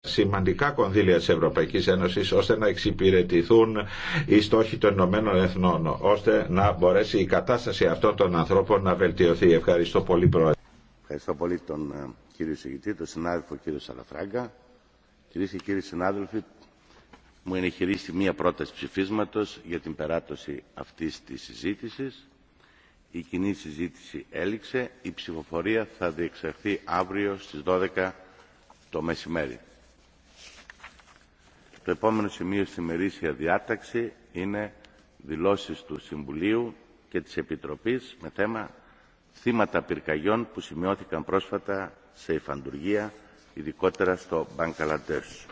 σημαντικά κονδύλια της Ευρωπαϊκής Ένωσης ώστε να εξυπηρετηθούν οι στόχοι των Ηνωμένων Εθνών ώστε να μπορέσει η κατάσταση αυτών των ανθρώπων να βελτιωθεί. Ευχαριστώ πολύ Πρόεδρε. Ευχαριστώ πολύ τον ε, κύριο Συγητή, τον συνάδελφο κύριο Σαλαφράγκα. Κυρίε και κύριοι συνάδελφοι, μου είναι χειρίστη μία πρόταση ψηφίσματο για την περάτωση αυτή τη συζήτηση. Η κοινή συζήτηση έληξε. Η ψηφοφορία θα διεξαχθεί αύριο στι 12 το μεσημέρι. Το επόμενο σημείο στη μερίσια διάταξη είναι δηλώσεις του Συμβουλίου και της Επιτροπής με θέμα θύματα πυρκαγιών που σημειώθηκαν πρόσφατα σε υφαντουργία, ειδικότερα στο Μπανκαλαντές.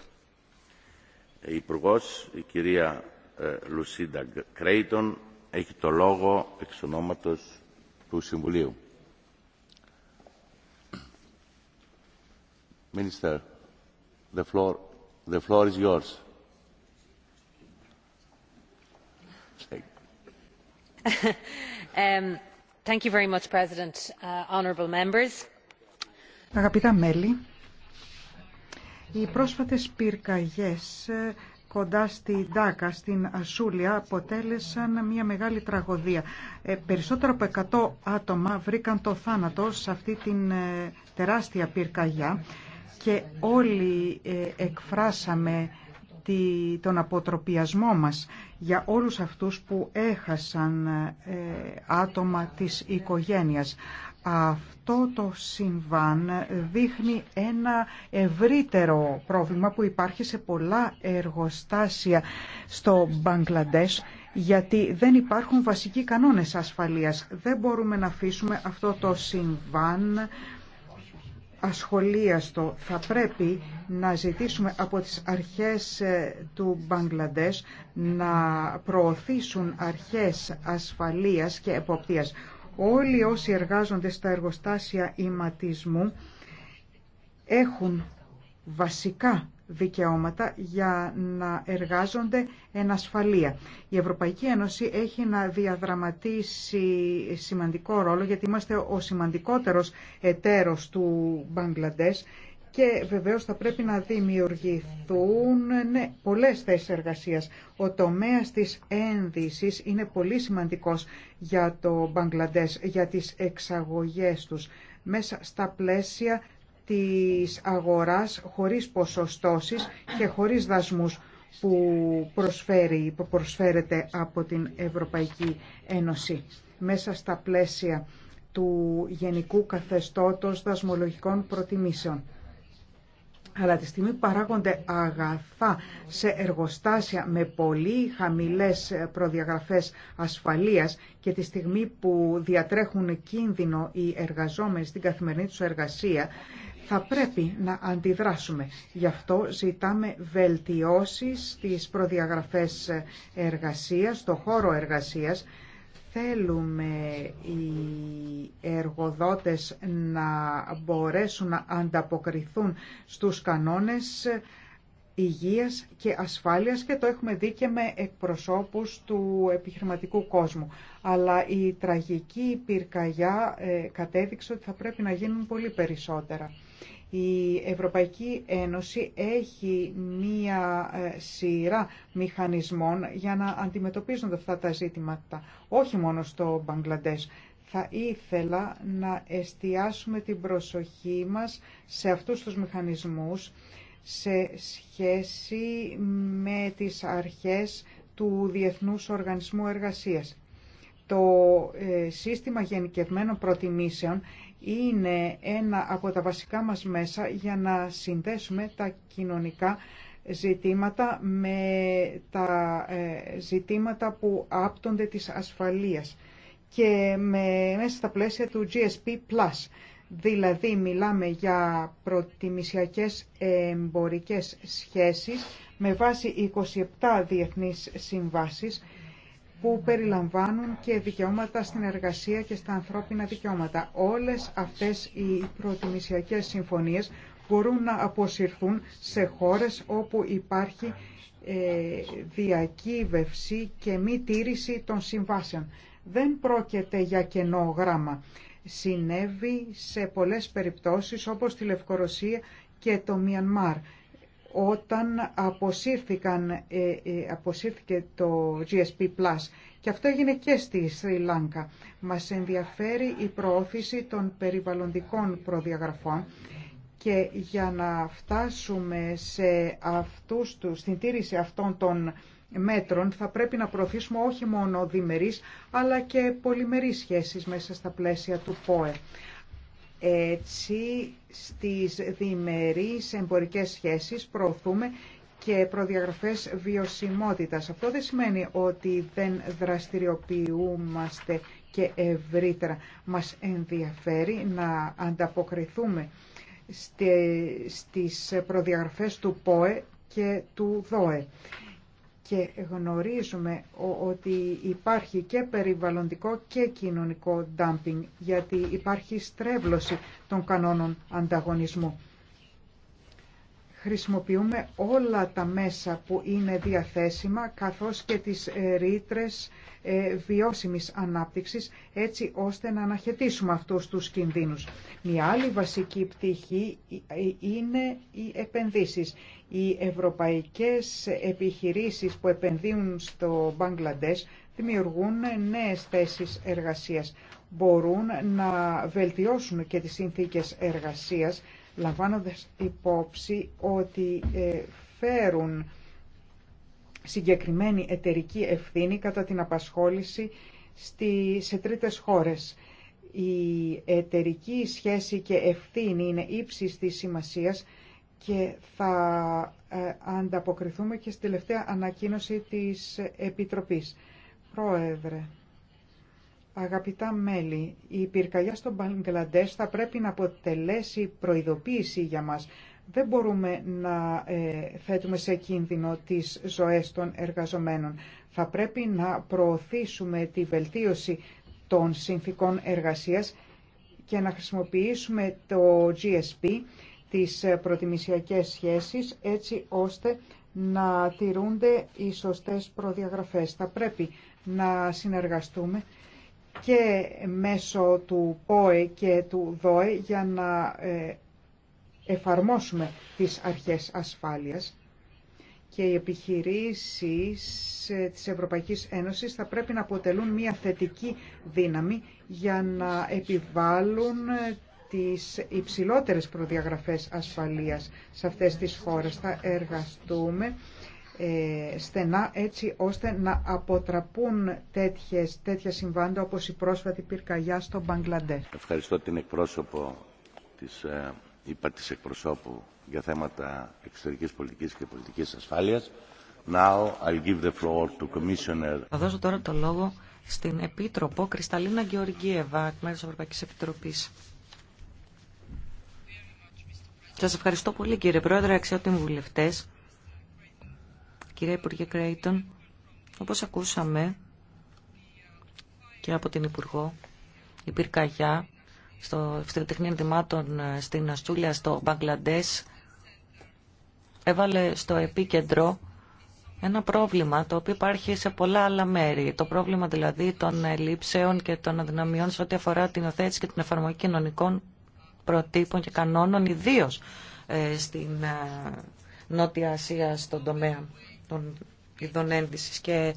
Η ε, Υπουργό, η κυρία ε, Λουσίντα Κρέιτον, έχει το λόγο εξ του Συμβουλίου. Minister, the floor is yours. mr um, president uh, honourable members αγαπητά μέλη οι πρόσφατες πυρκαγιές ε, κοντά στη Ντάκα, στην Ασούλια, αποτέλεσαν μια μεγάλη τραγωδία. Ε, περισσότερο από 100 άτομα βρήκαν το θάνατο σε αυτή την ε, τεράστια πυρκαγιά και όλοι εκφράσαμε τη, τον αποτροπιασμό μας για όλους αυτούς που έχασαν ε, άτομα της οικογένειας. Αυτό το συμβάν δείχνει ένα ευρύτερο πρόβλημα που υπάρχει σε πολλά εργοστάσια στο Μπαγκλαντές γιατί δεν υπάρχουν βασικοί κανόνες ασφαλείας. Δεν μπορούμε να αφήσουμε αυτό το συμβάν ασχολίαστο. Θα πρέπει να ζητήσουμε από τις αρχές ε, του Μπαγκλαντές να προωθήσουν αρχές ασφαλείας και εποπτείας. Όλοι όσοι εργάζονται στα εργοστάσια ηματισμού έχουν βασικά δικαιώματα για να εργάζονται εν ασφαλεία. Η Ευρωπαϊκή Ένωση έχει να διαδραματίσει σημαντικό ρόλο γιατί είμαστε ο σημαντικότερος εταίρος του Μπαγκλαντές και βεβαίως θα πρέπει να δημιουργηθούν ναι, πολλές θέσεις εργασίας. Ο τομέας της ένδυσης είναι πολύ σημαντικός για το Μπαγκλαντές, για τις εξαγωγές τους μέσα στα πλαίσια της αγοράς χωρίς ποσοστώσεις και χωρίς δασμούς που, προσφέρει, που προσφέρεται από την Ευρωπαϊκή Ένωση μέσα στα πλαίσια του γενικού καθεστώτος δασμολογικών προτιμήσεων. Αλλά τη στιγμή που παράγονται αγαθά σε εργοστάσια με πολύ χαμηλές προδιαγραφές ασφαλείας και τη στιγμή που διατρέχουν κίνδυνο οι εργαζόμενοι στην καθημερινή τους εργασία, θα πρέπει να αντιδράσουμε. Γι' αυτό ζητάμε βελτιώσεις στις προδιαγραφές εργασίας, στο χώρο εργασίας. Θέλουμε οι εργοδότες να μπορέσουν να ανταποκριθούν στους κανόνες υγείας και ασφάλειας και το έχουμε δει και με εκπροσώπους του επιχειρηματικού κόσμου. Αλλά η τραγική πυρκαγιά ε, κατέδειξε ότι θα πρέπει να γίνουν πολύ περισσότερα. Η Ευρωπαϊκή Ένωση έχει μία ε, σειρά μηχανισμών για να αντιμετωπίζονται αυτά τα ζήτηματα, όχι μόνο στο Μπαγκλαντές. Θα ήθελα να εστιάσουμε την προσοχή μας σε αυτούς τους μηχανισμούς σε σχέση με τις αρχές του Διεθνούς Οργανισμού Εργασίας. Το ε, σύστημα γενικευμένων προτιμήσεων είναι ένα από τα βασικά μας μέσα για να συνδέσουμε τα κοινωνικά ζητήματα με τα ε, ζητήματα που άπτονται της ασφαλείας και με, μέσα στα πλαίσια του GSP+. Δηλαδή μιλάμε για προτιμησιακές εμπορικές σχέσεις με βάση 27 διεθνείς συμβάσεις που περιλαμβάνουν και δικαιώματα στην εργασία και στα ανθρώπινα δικαιώματα. Όλες αυτές οι προτιμησιακές συμφωνίες μπορούν να αποσυρθούν σε χώρες όπου υπάρχει ε, διακύβευση και μη τήρηση των συμβάσεων. Δεν πρόκειται για κενό γράμμα. Συνέβη σε πολλές περιπτώσεις όπως τη Λευκορωσία και το Μιανμάρ όταν αποσύρθηκαν, ε, ε, αποσύρθηκε το GSP+. Και αυτό έγινε και στη Σρι Λάνκα. Μας ενδιαφέρει η προώθηση των περιβαλλοντικών προδιαγραφών και για να φτάσουμε σε αυτούς, στην τήρηση αυτών των μέτρων θα πρέπει να προωθήσουμε όχι μόνο διμερείς αλλά και πολυμερείς σχέσεις μέσα στα πλαίσια του ΠΟΕ. Έτσι, στις διμερείς εμπορικές σχέσεις προωθούμε και προδιαγραφές βιωσιμότητας. Αυτό δεν σημαίνει ότι δεν δραστηριοποιούμαστε και ευρύτερα. Μας ενδιαφέρει να ανταποκριθούμε στις προδιαγραφές του ΠΟΕ και του ΔΟΕ και γνωρίζουμε ότι υπάρχει και περιβαλλοντικό και κοινωνικό ντάμπινγκ γιατί υπάρχει στρέβλωση των κανόνων ανταγωνισμού. Χρησιμοποιούμε όλα τα μέσα που είναι διαθέσιμα καθώς και τις ε, ρήτρε ε, βιώσιμης ανάπτυξης έτσι ώστε να αναχαιτήσουμε αυτούς τους κινδύνους. Μια άλλη βασική πτυχή ε, είναι οι επενδύσεις οι ευρωπαϊκές επιχειρήσεις που επενδύουν στο Μπαγκλαντές δημιουργούν νέες θέσεις εργασίας. Μπορούν να βελτιώσουν και τις συνθήκες εργασίας, λαμβάνοντας υπόψη ότι ε, φέρουν συγκεκριμένη εταιρική ευθύνη κατά την απασχόληση σε τρίτες χώρες. Η εταιρική σχέση και ευθύνη είναι ύψης της σημασίας και θα ε, ανταποκριθούμε και στην τελευταία ανακοίνωση της Επιτροπής. Πρόεδρε, αγαπητά μέλη, η πυρκαγιά στον Μπαγκλαντές θα πρέπει να αποτελέσει προειδοποίηση για μας. Δεν μπορούμε να ε, θέτουμε σε κίνδυνο τις ζωές των εργαζομένων. Θα πρέπει να προωθήσουμε τη βελτίωση των συνθήκων εργασίας και να χρησιμοποιήσουμε το GSP τις ε, προτιμησιακές σχέσεις έτσι ώστε να τηρούνται οι σωστές προδιαγραφές. Θα πρέπει να συνεργαστούμε και μέσω του ΠΟΕ και του ΔΟΕ για να ε, εφαρμόσουμε τις αρχές ασφάλειας και οι επιχειρήσεις ε, της Ευρωπαϊκής Ένωσης θα πρέπει να αποτελούν μια θετική δύναμη για να επιβάλλουν τις υψηλότερες προδιαγραφές ασφαλείας σε αυτές τις χώρες. Θα εργαστούμε ε, στενά έτσι ώστε να αποτραπούν τέτοιες, τέτοια συμβάντα όπως η πρόσφατη πυρκαγιά στο Μπαγκλαντέ. Ευχαριστώ την εκπρόσωπο της, ε, εκπροσώπου για θέματα εξωτερικής πολιτικής και πολιτικής ασφάλειας. Now I'll give the floor to Commissioner. Θα δώσω τώρα το λόγο στην Επίτροπο Κρυσταλίνα Γεωργίευα, εκ μέρους της Ευρωπαϊκής Επιτροπής. Σας ευχαριστώ πολύ κύριε Πρόεδρε, αξιότιμοι βουλευτές. Κύριε Υπουργέ Κρέιτον, όπως ακούσαμε και από την Υπουργό, η πυρκαγιά στο Ευθυντεχνείο Ενδυμάτων ε, στην Αστούλια, στο Μπαγκλαντές, έβαλε στο επίκεντρο ένα πρόβλημα το οποίο υπάρχει σε πολλά άλλα μέρη. Το πρόβλημα δηλαδή των ελλείψεων και των αδυναμιών σε ό,τι αφορά την οθέτηση και την εφαρμογή κοινωνικών προτύπων και κανόνων, ιδίω ε, στην ε, Νότια Ασία στον τομέα των ειδών ένδυση. Και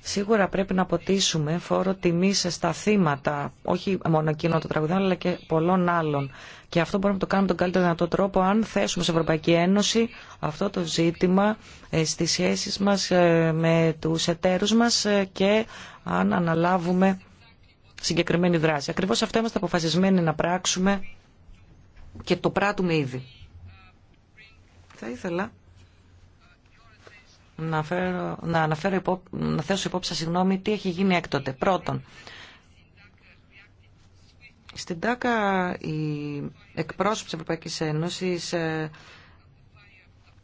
σίγουρα πρέπει να αποτίσουμε φόρο τιμή στα θύματα, όχι μόνο εκείνο το τραγουδιών, αλλά και πολλών άλλων. Και αυτό μπορούμε να το κάνουμε τον καλύτερο δυνατό τρόπο αν θέσουμε σε Ευρωπαϊκή Ένωση αυτό το ζήτημα ε, στις σχέσεις μας με τους μα μας και αν αναλάβουμε συγκεκριμένη δράση. Ακριβώς αυτό είμαστε αποφασισμένοι να πράξουμε και το πράττουμε ήδη. Θα ήθελα να, φέρω, να, να θέσω υπόψη σας συγγνώμη τι έχει γίνει έκτοτε. Πρώτον, στην ΤΑΚΑ οι εκπρόσωποι της Ευρωπαϊκής Ένωσης ε,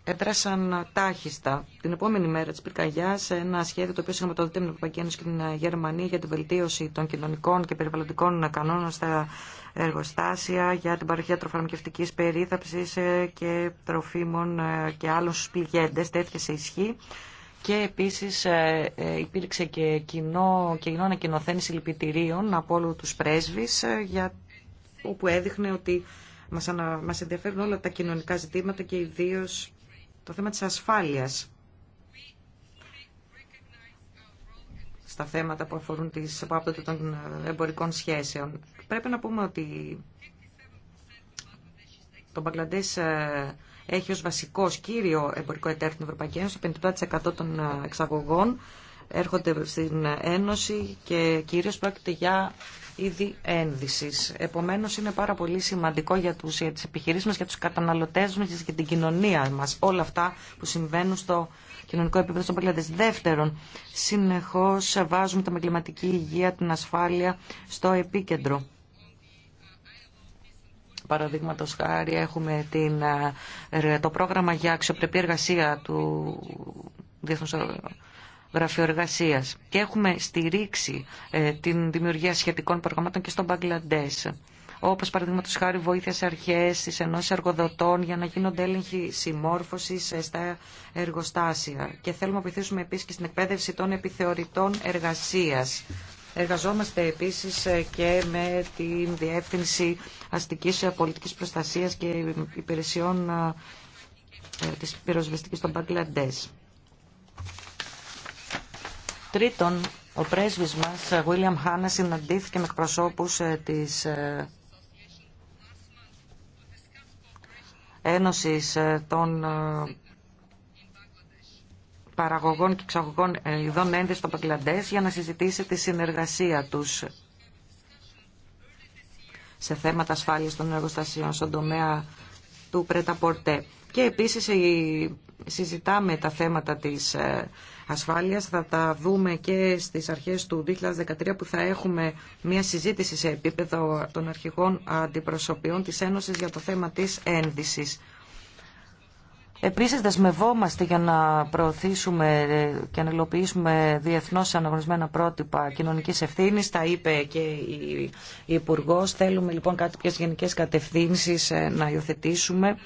έδρασαν τάχιστα. Την επόμενη μέρα τη πυρκαγιά, ένα σχέδιο το οποίο συγχρηματοδοτείται με την Ευρωπαϊκή Ένωση και την Γερμανία για την βελτίωση των κοινωνικών και περιβαλλοντικών κανόνων στα εργοστάσια, για την παροχή ατροφαρμακευτική περίθαψη ε, και τροφίμων ε, και άλλων στου πληγέντε, τέτοια σε ισχύ. Και επίση ε, υπήρξε και κοινό, και κοινό λυπητηρίων από όλου του πρέσβει, όπου έδειχνε ότι μας, μας ενδιαφέρουν όλα τα κοινωνικά ζητήματα και ιδίως το θέμα της ασφάλειας στα θέματα που αφορούν τις επάπτωτες των εμπορικών σχέσεων. Πρέπει να πούμε ότι το Μπαγκλαντές ε, έχει ως βασικό κύριο εμπορικό εταίρο την Ευρωπαϊκή Ένωση, 57% των ε, εξαγωγών έρχονται στην Ένωση και κυρίως πρόκειται για είδη ένδυσης. Επομένως είναι πάρα πολύ σημαντικό για, τους, για τις επιχειρήσεις μας, για τους καταναλωτές μας και την κοινωνία μας. Όλα αυτά που συμβαίνουν στο κοινωνικό επίπεδο στον Παγκλαντές. Δεύτερον, συνεχώς βάζουμε τα μεγκληματική υγεία, την ασφάλεια στο επίκεντρο. Παραδείγματο χάρη έχουμε την, ε, το πρόγραμμα για αξιοπρεπή εργασία του Διεθνούς γραφείο Και έχουμε στηρίξει ε, την δημιουργία σχετικών προγραμμάτων και στον Μπαγκλαντές Όπω παραδείγματο χάρη βοήθεια σε αρχέ, τη ενό εργοδοτών για να γίνονται έλεγχοι συμμόρφωση ε, στα εργοστάσια. Και θέλουμε να βοηθήσουμε επίση και στην εκπαίδευση των επιθεωρητών εργασία. Εργαζόμαστε επίσης ε, και με την Διεύθυνση Αστικής Πολιτικής Προστασίας και Υπηρεσιών της πυροσβεστική των Μπαγκλαντές. Τρίτον, ο πρέσβης μας, ε, William Hanna, συναντήθηκε με εκπροσώπους ε, της ε, Ένωσης των παραγωγών και εξαγωγών ειδών ένδυση στο Παγκλαντές για να συζητήσει τη συνεργασία τους σε θέματα ασφάλειας των εργοστασιών στον τομέα του Πρεταπορτέ. Και επίσης η συζητάμε τα θέματα της ε, ασφάλειας, θα τα δούμε και στις αρχές του 2013 που θα έχουμε μια συζήτηση σε επίπεδο των αρχηγών αντιπροσωπιών της Ένωσης για το θέμα της ένδυσης. Επίσης δεσμευόμαστε για να προωθήσουμε και να υλοποιήσουμε διεθνώς αναγνωρισμένα πρότυπα κοινωνικής ευθύνης. Τα είπε και η Υπουργός. Θέλουμε λοιπόν κάποιες γενικές κατευθύνσεις ε, να υιοθετήσουμε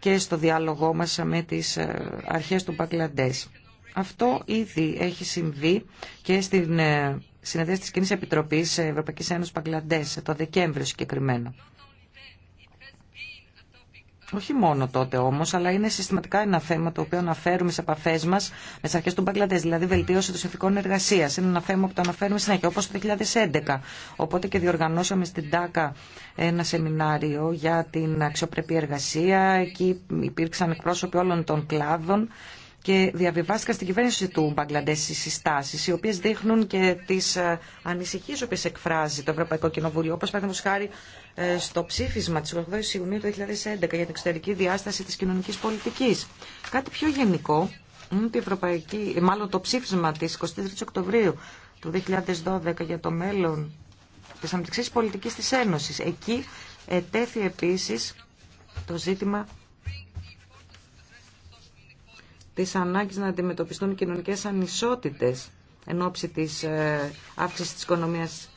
και στο διάλογό μας με τις ε, αρχές του Μπαγκλαντές. Αυτό ήδη έχει συμβεί και στην ε, συνεδρία της Κοινής Επιτροπής Ευρωπαϊκής Ένωσης Παγκλαντές το Δεκέμβριο συγκεκριμένα. Όχι μόνο τότε όμω, αλλά είναι συστηματικά ένα θέμα το οποίο αναφέρουμε σε επαφέ μα με τι αρχέ του Μπαγκλαντέ, δηλαδή βελτίωση των συνθηκών εργασία. Είναι ένα θέμα που το αναφέρουμε συνέχεια, όπω το 2011. Οπότε και διοργανώσαμε στην ΤΑΚΑ ένα σεμινάριο για την αξιοπρεπή εργασία. Εκεί υπήρξαν εκπρόσωποι όλων των κλάδων και διαβιβάστηκαν στην κυβέρνηση του Μπαγκλαντέ οι συστάσει, οι οποίε δείχνουν και τι ανησυχίε που εκφράζει το Ευρωπαϊκό Κοινοβούλιο, όπω παραδείγματο χάρη ε, στο ψήφισμα της 8 Ιουνίου του 2011 για την εξωτερική διάσταση της κοινωνικής πολιτικής. Κάτι πιο γενικό είναι ότι Ευρωπαϊκή, ε, μάλλον το ψήφισμα της 23 Οκτωβρίου του 2012 για το μέλλον της αναπτυξής πολιτικής της Ένωσης. Εκεί ετέθη επίσης το ζήτημα της ανάγκης να αντιμετωπιστούν οι κοινωνικές ανισότητες εν ώψη της ε, αύξησης της οικονομίας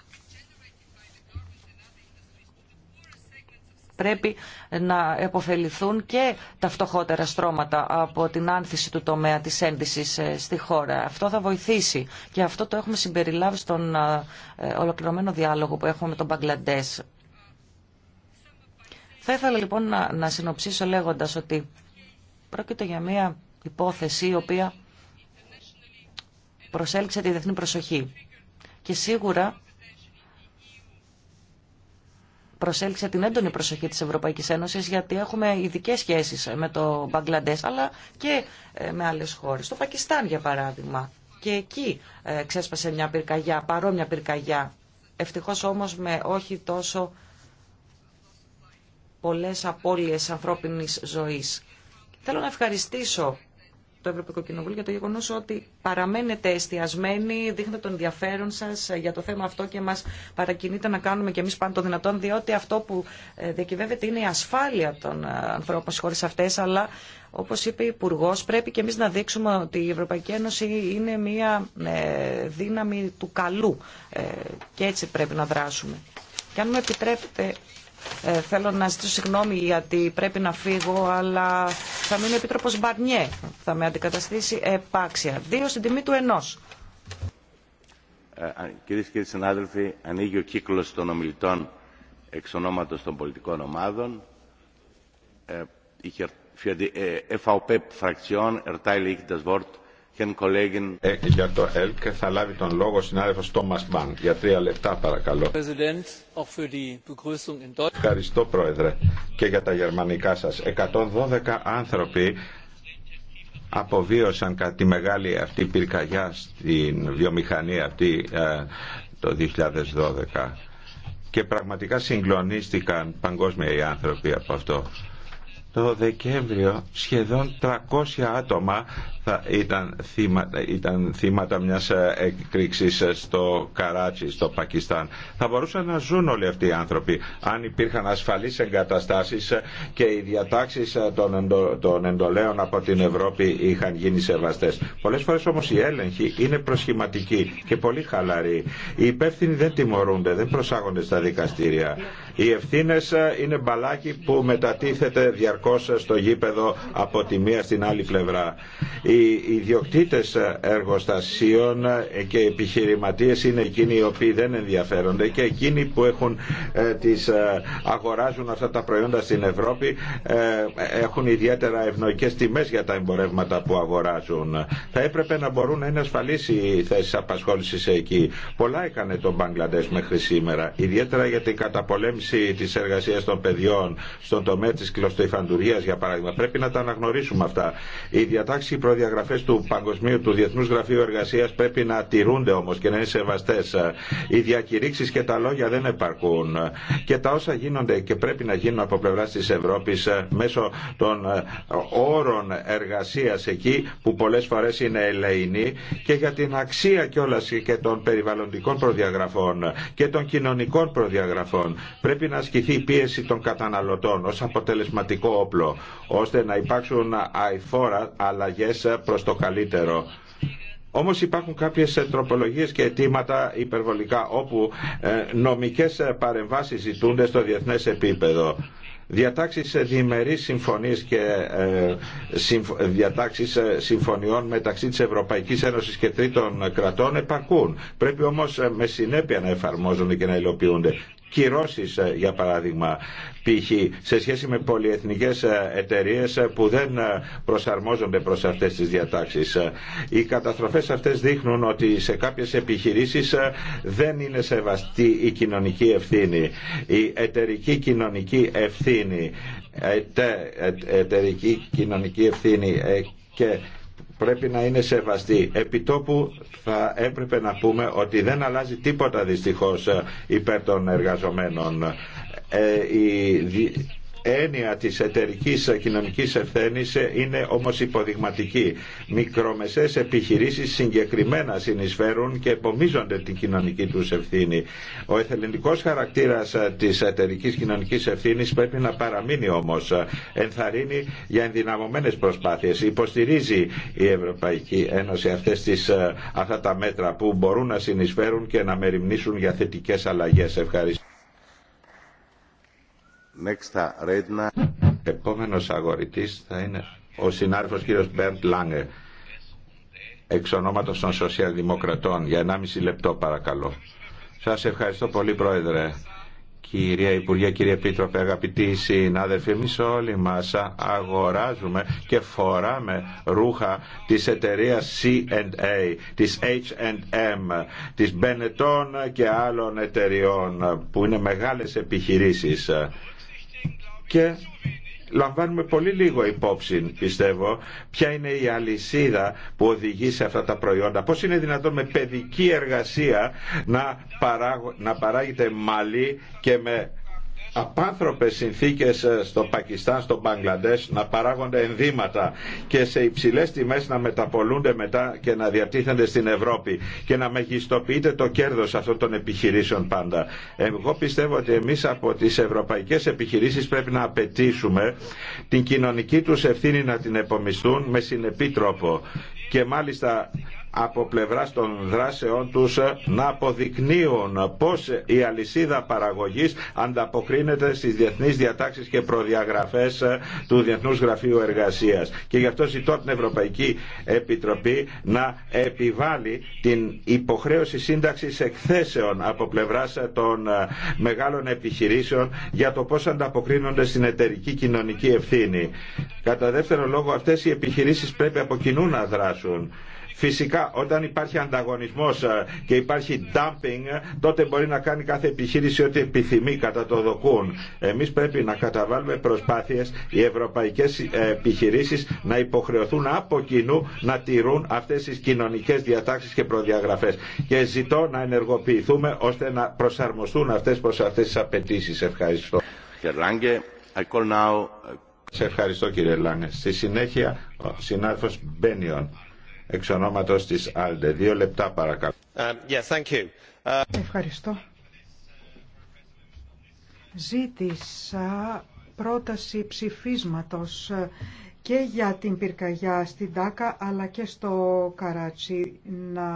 πρέπει να επωφεληθούν και τα φτωχότερα στρώματα από την άνθηση του τομέα της ένδυσης ε, στη χώρα. Αυτό θα βοηθήσει και αυτό το έχουμε συμπεριλάβει στον ε, ε, ολοκληρωμένο διάλογο που έχουμε με τον Μπαγκλαντές. Θα ήθελα λοιπόν να, να συνοψίσω λέγοντας ότι πρόκειται για μια υπόθεση η οποία προσέλκυσε τη διεθνή προσοχή και σίγουρα προσέλκυσε την έντονη προσοχή της Ευρωπαϊκής Ένωσης γιατί έχουμε ειδικές σχέσεις με το Μπαγκλαντές αλλά και ε, με άλλες χώρες. Το Πακιστάν για παράδειγμα και εκεί ε, ξέσπασε μια πυρκαγιά, παρόμοια πυρκαγιά. Ευτυχώς όμως με όχι τόσο πολλές απώλειες ανθρώπινης ζωής. Θέλω να ευχαριστήσω το Ευρωπαϊκό Κοινοβούλιο για το γεγονό ότι παραμένετε εστιασμένοι, δείχνετε τον ενδιαφέρον σα για το θέμα αυτό και μα παρακινείτε να κάνουμε κι εμεί πάνω το δυνατόν, διότι αυτό που ε, διακυβεύεται είναι η ασφάλεια των ε, ανθρώπων στι χώρε αυτέ, αλλά όπω είπε η Υπουργό, πρέπει κι εμεί να δείξουμε ότι η Ευρωπαϊκή Ένωση είναι μια ε, δύναμη του καλού και έτσι πρέπει να δράσουμε. Και αν μου επιτρέπετε, θέλω να ζητήσω συγγνώμη γιατί πρέπει να φύγω, αλλά θα μείνει ο Επίτροπο Μπαρνιέ. Θα με αντικαταστήσει επάξια. Δύο στην τιμή του ενό. κυρίε και κύριοι συνάδελφοι, ανοίγει ο κύκλο των ομιλητών εξ ονόματο των πολιτικών ομάδων. Ε, είχε, für die ah για το ΕΛΚ θα λάβει τον λόγο ο συνάδελφος Τόμας Μπαν. Για τρία λεπτά παρακαλώ. Ευχαριστώ Πρόεδρε και για τα γερμανικά σας. 112 άνθρωποι αποβίωσαν κατά τη μεγάλη αυτή πυρκαγιά στην βιομηχανία αυτή ε, το 2012 και πραγματικά συγκλονίστηκαν παγκόσμια οι άνθρωποι από αυτό. Το Δεκέμβριο σχεδόν 300 άτομα θα ήταν θύματα, ήταν θύματα μιας ε, εκρήξης ε, στο Καράτσι, στο Πακιστάν. Θα μπορούσαν να ζουν όλοι αυτοί οι άνθρωποι αν υπήρχαν ασφαλείς εγκαταστάσεις ε, και οι διατάξεις των, εντολέων από την Ευρώπη είχαν γίνει σεβαστές. Πολλές φορές όμως οι έλεγχοι είναι προσχηματικοί και πολύ χαλαροί. Οι υπεύθυνοι δεν τιμωρούνται, δεν προσάγονται στα δικαστήρια. Οι ευθύνε είναι μπαλάκι που μετατίθεται διαρκώς στο γήπεδο από τη μία στην άλλη πλευρά. Οι ιδιοκτήτες εργοστασίων και επιχειρηματίες είναι εκείνοι οι οποίοι δεν ενδιαφέρονται και εκείνοι που έχουν ε, τις ε, αγοράζουν αυτά τα προϊόντα στην Ευρώπη ε, έχουν ιδιαίτερα ευνοϊκές τιμές για τα εμπορεύματα που αγοράζουν. Θα έπρεπε να μπορούν να είναι ασφαλείς οι θέσεις απασχόλησης εκεί. Πολλά έκανε τον Μπαγκλαντές μέχρι σήμερα, ιδιαίτερα για την καταπολέμηση της εργασίας των παιδιών στον τομέα της κλωστοϊφαντουργίας για παράδειγμα. Πρέπει να τα αναγνωρίσουμε αυτά. Η διατάξη διαγραφέ του Παγκοσμίου του Διεθνού Γραφείου Εργασία πρέπει να τηρούνται όμω και να είναι σεβαστέ. Οι διακηρύξει και τα λόγια δεν επαρκούν. Και τα όσα γίνονται και πρέπει να γίνουν από πλευρά τη Ευρώπη ε, μέσω των ε, όρων εργασία εκεί που πολλέ φορέ είναι ελεηνοί και για την αξία κιόλα και των περιβαλλοντικών προδιαγραφών και των κοινωνικών προδιαγραφών. Πρέπει να ασκηθεί η πίεση των καταναλωτών ως αποτελεσματικό όπλο ώστε να υπάρξουν αηφόρα αλλαγές ε, προς το καλύτερο. Όμως υπάρχουν κάποιες ε, τροπολογίες και αιτήματα υπερβολικά όπου ε, νομικές ε, παρεμβάσεις ζητούνται στο διεθνές επίπεδο. Διατάξεις διημερείς συμφωνίες και διατάξεις συμφωνιών μεταξύ της Ευρωπαϊκής Ένωσης και τρίτων κρατών επαρκούν. Πρέπει όμως με συνέπεια να εφαρμόζονται και να υλοποιούνται. Κυρώσει, ε, για παράδειγμα π.χ. σε σχέση με πολυεθνικές ε, εταιρείε που δεν ε, προσαρμόζονται προς αυτές τις διατάξεις. Οι καταστροφές αυτές δείχνουν ότι σε κάποιες επιχειρήσεις δεν είναι σεβαστή η κοινωνική ευθύνη. Η εταιρική κοινωνική ευθύνη, εταιρική κοινωνική ευθύνη και πρέπει να είναι σεβαστή. Επιτόπου θα έπρεπε να πούμε ότι δεν αλλάζει τίποτα δυστυχώς ε, υπέρ των εργαζομένων. Ε, η έννοια της εταιρικής κοινωνικής ευθένης είναι όμως υποδειγματική. Μικρομεσαίες επιχειρήσεις συγκεκριμένα συνεισφέρουν και επομίζονται την κοινωνική τους ευθύνη. Ο εθελοντικός χαρακτήρας της εταιρικής κοινωνικής ευθύνης πρέπει να παραμείνει όμως. Ενθαρρύνει για ενδυναμωμένες προσπάθειες. Υποστηρίζει η Ευρωπαϊκή Ένωση αυτές τις, αυτά τα μέτρα που μπορούν να συνεισφέρουν και να μεριμνήσουν για θετικές αλλαγές. Ευχαριστώ. Επόμενος αγορητής θα είναι ο συνάρφος κύριος Μπέρντ Λάγκε εξ ονόματος των Σοσιαλδημοκρατών για 1,5 λεπτό παρακαλώ. Σας ευχαριστώ πολύ Πρόεδρε. Κυρία Υπουργέ, κύριε Επίτροπε, αγαπητοί συνάδελφοι, εμεί όλοι μα αγοράζουμε και φοράμε ρούχα τη εταιρεία CA, τη HM, τη Μπενετών και άλλων εταιριών που είναι μεγάλε επιχειρήσει και λαμβάνουμε πολύ λίγο υπόψη, πιστεύω, ποια είναι η αλυσίδα που οδηγεί σε αυτά τα προϊόντα. Πώς είναι δυνατόν με παιδική εργασία να, να παράγεται μαλλί και με απάνθρωπες συνθήκες ε, στο Πακιστάν, στο Μπαγκλαντές να παράγονται ενδύματα και σε υψηλές τιμές να μεταπολούνται μετά και να διατίθενται στην Ευρώπη και να μεγιστοποιείται το κέρδος αυτών των επιχειρήσεων πάντα. Εγώ πιστεύω ότι εμείς από τις ευρωπαϊκές επιχειρήσεις πρέπει να απαιτήσουμε την κοινωνική τους ευθύνη να την επομιστούν με συνεπή τρόπο και μάλιστα από πλευράς των δράσεών τους να αποδεικνύουν πώς η αλυσίδα παραγωγής ανταποκρίνεται στις διεθνείς διατάξεις και προδιαγραφές του Διεθνούς Γραφείου Εργασίας. Και γι' αυτό ζητώ την Ευρωπαϊκή Επιτροπή να επιβάλλει την υποχρέωση σύνταξης εκθέσεων από πλευράς των μεγάλων επιχειρήσεων για το πώς ανταποκρίνονται στην εταιρική κοινωνική ευθύνη. Κατά δεύτερο λόγο αυτές οι επιχειρήσεις πρέπει από κοινού να δράσουν Φυσικά όταν υπάρχει ανταγωνισμός ε, και υπάρχει dumping ε, τότε μπορεί να κάνει κάθε επιχείρηση ό,τι επιθυμεί κατά το δοκούν. Εμείς πρέπει να καταβάλουμε προσπάθειες οι ευρωπαϊκές ε, επιχειρήσεις να υποχρεωθούν από κοινού να τηρούν αυτές τις κοινωνικές διατάξεις και προδιαγραφές. Και ζητώ να ενεργοποιηθούμε ώστε να προσαρμοστούν αυτές προς αυτές τις απαιτήσεις. Ευχαριστώ. Σε ευχαριστώ κύριε Λάγκε. Στη συνέχεια ο συνάδελφος Μπένιον εξ ονόματος της Άλντε. Δύο λεπτά παρακαλώ. Um, yeah, thank you. Uh, Ευχαριστώ. Ζήτησα πρόταση ψηφίσματος ε, και για την πυρκαγιά στην Τάκα αλλά και στο Καράτσι να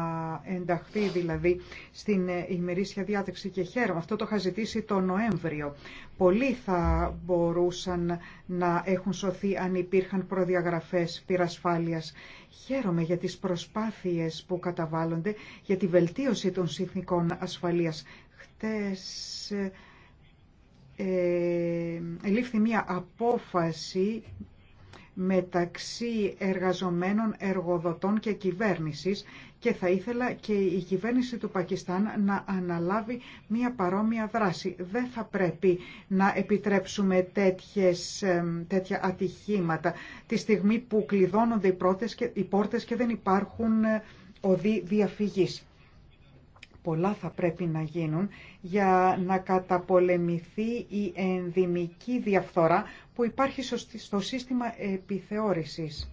ενταχθεί δηλαδή στην ημερήσια διάταξη και χαίρομαι. Αυτό το είχα ζητήσει το Νοέμβριο. Πολλοί θα μπορούσαν να έχουν σωθεί αν υπήρχαν προδιαγραφές πυρασφάλειας. Χαίρομαι για τις προσπάθειες που καταβάλλονται για τη βελτίωση των συνθήκων ασφαλείας. Χτες ε, ε μία απόφαση μεταξύ εργαζομένων εργοδοτών και κυβέρνησης και θα ήθελα και η κυβέρνηση του Πακιστάν να αναλάβει μια παρόμοια δράση. Δεν θα πρέπει να επιτρέψουμε τέτοιες, τέτοια ατυχήματα τη στιγμή που κλειδώνονται οι, πρώτες και, πόρτες και δεν υπάρχουν ε, οδοί διαφυγής. Πολλά θα πρέπει να γίνουν για να καταπολεμηθεί η ενδυμική διαφθορά που υπάρχει στο σύστημα επιθεώρησης.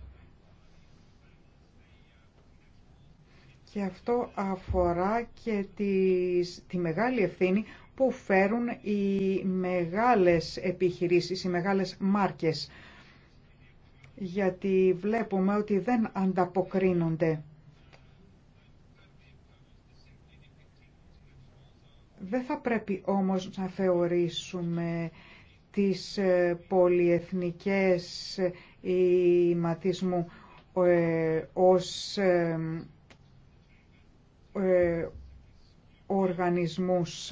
Και αυτό αφορά και τις, τη μεγάλη ευθύνη που φέρουν οι μεγάλες επιχειρήσεις, οι μεγάλες μάρκες. Γιατί βλέπουμε ότι δεν ανταποκρίνονται. Δεν θα πρέπει όμως να θεωρήσουμε τις ε, πολυεθνικές ε, ηματισμού ε, ως οργανισμούς,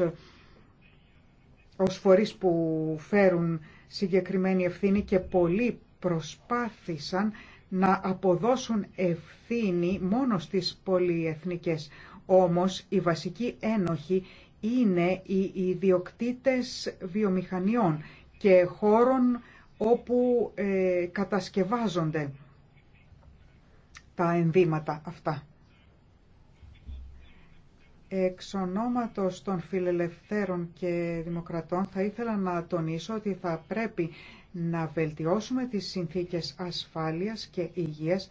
ως φορείς που φέρουν συγκεκριμένη ευθύνη και πολλοί προσπάθησαν να αποδώσουν ευθύνη μόνο στις πολυεθνικές. Όμως η βασική ένοχη είναι οι ιδιοκτήτες βιομηχανιών και χώρων όπου ε, κατασκευάζονται τα ενδύματα αυτά. Εξ ονόματος των φιλελευθέρων και δημοκρατών θα ήθελα να τονίσω ότι θα πρέπει να βελτιώσουμε τις συνθήκες ασφάλειας και υγείας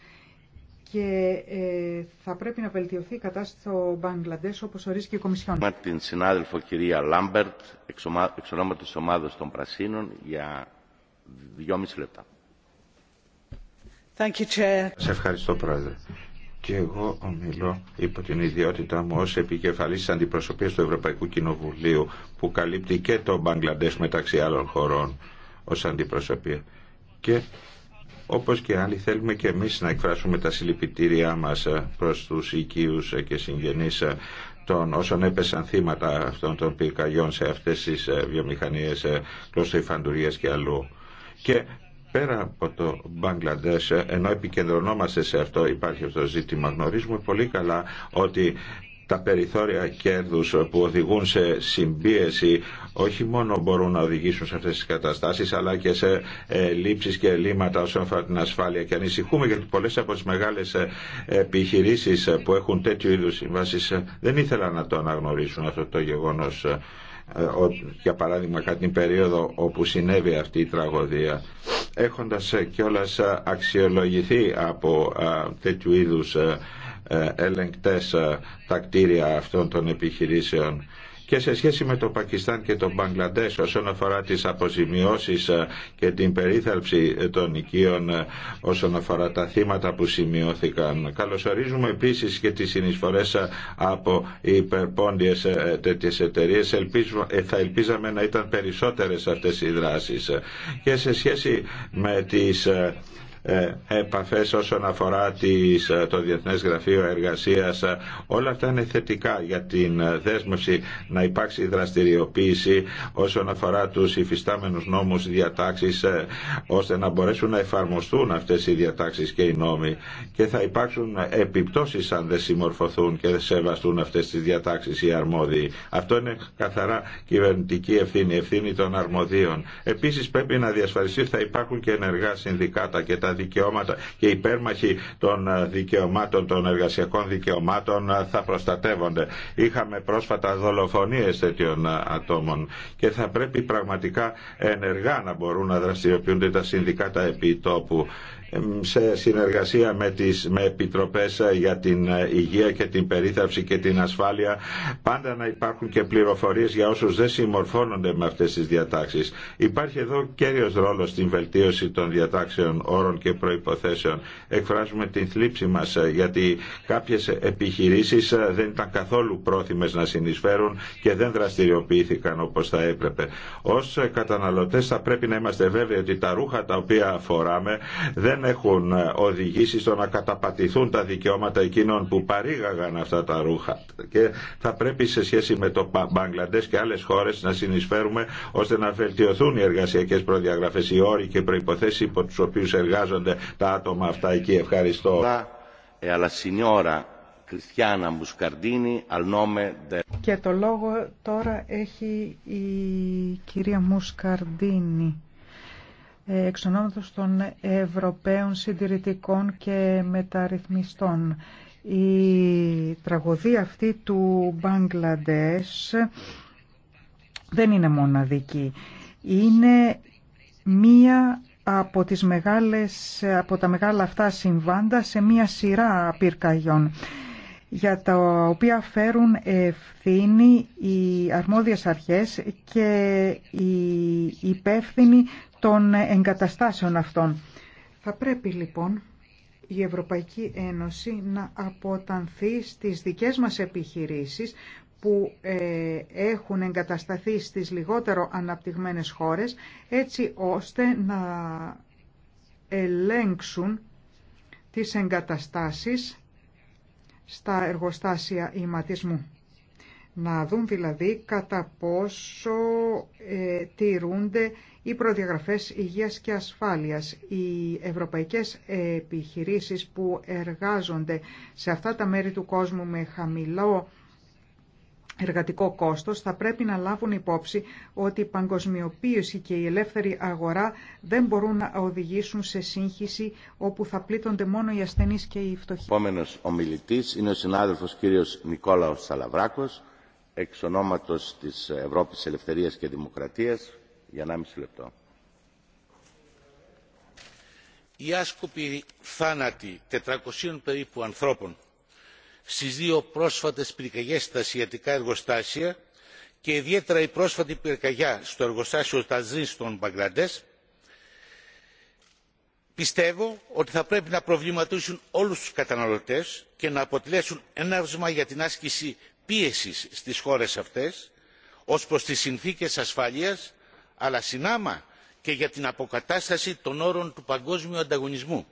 και ε, θα πρέπει να βελτιωθεί η κατάσταση στο Μπαγκλαντές όπως ορίζει και η Κομισιόν. Με την συνάδελφο κυρία Λάμπερτ, εξ ονόματος της ομάδας των Πρασίνων, για δυόμιση λεπτά. Thank you, Chair. Σε ευχαριστώ Πρόεδρε. Και εγώ ομιλώ υπό την ιδιότητά μου ως επικεφαλής αντιπροσωπείας του Ευρωπαϊκού Κοινοβουλίου που καλύπτει και το Μπαγκλαντές μεταξύ άλλων χωρών ως αντιπροσωπεία. Και όπως και άλλοι θέλουμε και εμείς να εκφράσουμε τα συλληπιτήριά μας ε, προς τους οικείους ε, και συγγενείς ε, των όσων έπεσαν θύματα αυτών των πυρκαγιών σε αυτές τις βιομηχανίες κλωστοϊφαντουργίας και αλλού. Και πέρα από το Μπαγκλαντές, ενώ επικεντρωνόμαστε σε αυτό, υπάρχει αυτό το ζήτημα, γνωρίζουμε πολύ καλά ότι τα περιθώρια κέρδους που οδηγούν σε συμπίεση όχι μόνο μπορούν να οδηγήσουν σε αυτές τις καταστάσεις αλλά και σε ε, λήψεις και ελλείμματα όσον αφορά την ασφάλεια και ανησυχούμε γιατί πολλές από τις μεγάλες ε, επιχειρήσεις που έχουν τέτοιου είδους συμβάσεις ε, δεν ήθελαν να το αναγνωρίσουν αυτό το γεγονός για παράδειγμα κατά την περίοδο όπου συνέβη αυτή η τραγωδία έχοντας κιόλας αξιολογηθεί από τέτοιου είδους ε, ελεγκτές ε, τα κτίρια αυτών των επιχειρήσεων και σε σχέση με το Πακιστάν και το Μπαγκλαντές όσον αφορά τις αποζημιώσεις ε, και την περίθαλψη των οικείων όσον αφορά τα θύματα που σημειώθηκαν. Καλωσορίζουμε επίσης και τις συνεισφορές από υπερπόντιες τέτοιες εταιρείες. θα ελπίζαμε να ήταν περισσότερες αυτές οι δράσεις. Και σε σχέση με τις ε, επαφές όσον αφορά τις, ε, το Διεθνές Γραφείο Εργασίας. Ε, όλα αυτά είναι θετικά για την δέσμευση να υπάρξει δραστηριοποίηση όσον αφορά τους υφιστάμενους νόμους διατάξεις ώστε να μπορέσουν να εφαρμοστούν αυτές οι διατάξεις και οι νόμοι και θα υπάρξουν επιπτώσεις αν δεν συμμορφωθούν και δεν σεβαστούν αυτές τις διατάξεις οι αρμόδιοι. Αυτό είναι καθαρά κυβερνητική ευθύνη, ευθύνη των αρμοδίων. Επίσης πρέπει να διασφαλιστεί θα υπάρχουν και ενεργά συνδικάτα και τα δικαιώματα και οι υπέρμαχοι των ε, δικαιωμάτων, των εργασιακών δικαιωμάτων ε, θα προστατεύονται. Είχαμε πρόσφατα δολοφονίες τέτοιων ε, ατόμων και θα πρέπει πραγματικά ενεργά να μπορούν να δραστηριοποιούνται τα συνδικάτα επί τόπου σε συνεργασία με, τις, με επιτροπές ε, για την ε, υγεία και την περίθαψη και την ασφάλεια πάντα να υπάρχουν και πληροφορίες για όσους δεν συμμορφώνονται με αυτές τις διατάξεις. Υπάρχει εδώ κέριος ρόλος στην βελτίωση των διατάξεων όρων και προϋποθέσεων. Εκφράζουμε την θλίψη μας ε, γιατί κάποιες επιχειρήσεις δεν ήταν καθόλου πρόθυμες να συνεισφέρουν και δεν δραστηριοποιήθηκαν όπως θα έπρεπε. Ως καταναλωτές θα πρέπει να είμαστε βέβαιοι ότι τα ρούχα τα οποία φοράμε δεν δεν έχουν ε, οδηγήσει στο να καταπατηθούν τα δικαιώματα εκείνων που παρήγαγαν αυτά τα ρούχα. Και θα πρέπει σε σχέση με το Μπαγκλαντέ και άλλες χώρες να συνεισφέρουμε ώστε να βελτιωθούν οι εργασιακέ προδιαγραφές, οι όροι και προποθέσει υπό του οποίου εργάζονται τα άτομα αυτά εκεί. Ευχαριστώ. Ε, και το λόγο τώρα έχει η κυρία Μουσκαρντίνη εξ των Ευρωπαίων Συντηρητικών και Μεταρρυθμιστών. Η τραγωδία αυτή του Μπαγκλαντές δεν είναι μοναδική. Είναι μία από, τις μεγάλες, από τα μεγάλα αυτά συμβάντα σε μία σειρά πυρκαγιών για τα οποία φέρουν ευθύνη οι αρμόδιες αρχές και οι υπεύθυνοι των εγκαταστάσεων αυτών. Θα πρέπει λοιπόν η Ευρωπαϊκή Ένωση να αποτανθεί στις δικές μας επιχειρήσεις που ε, έχουν εγκατασταθεί στις λιγότερο αναπτυγμένες χώρες έτσι ώστε να ελέγξουν τις εγκαταστάσεις στα εργοστάσια ηματισμού. Να δουν δηλαδή κατά πόσο ε, τηρούνται οι προδιαγραφές υγείας και ασφάλειας. Οι ευρωπαϊκές επιχειρήσεις που εργάζονται σε αυτά τα μέρη του κόσμου με χαμηλό εργατικό κόστος θα πρέπει να λάβουν υπόψη ότι η παγκοσμιοποίηση και η ελεύθερη αγορά δεν μπορούν να οδηγήσουν σε σύγχυση όπου θα πλήττονται μόνο οι ασθενείς και οι φτωχοί. Ο επόμενος ομιλητής είναι ο συνάδελφος κύριος Νικόλαος Σαλαβράκος εξ ονόματος της Ευρώπης Ελευθερίας και Δημοκρατίας για 1,5 λεπτό. Οι άσκοποι θάνατοι 400 περίπου ανθρώπων στις δύο πρόσφατες πυρκαγιές στα ασιατικά εργοστάσια και ιδιαίτερα η πρόσφατη πυρκαγιά στο εργοστάσιο Ταζίν στον Μπαγκλαντές πιστεύω ότι θα πρέπει να προβληματίσουν όλους τους καταναλωτές και να αποτελέσουν έναυσμα για την άσκηση πίεσης στις χώρες αυτές ως προς τις συνθήκες ασφαλείας αλλά συνάμα και για την αποκατάσταση των όρων του παγκόσμιου ανταγωνισμού.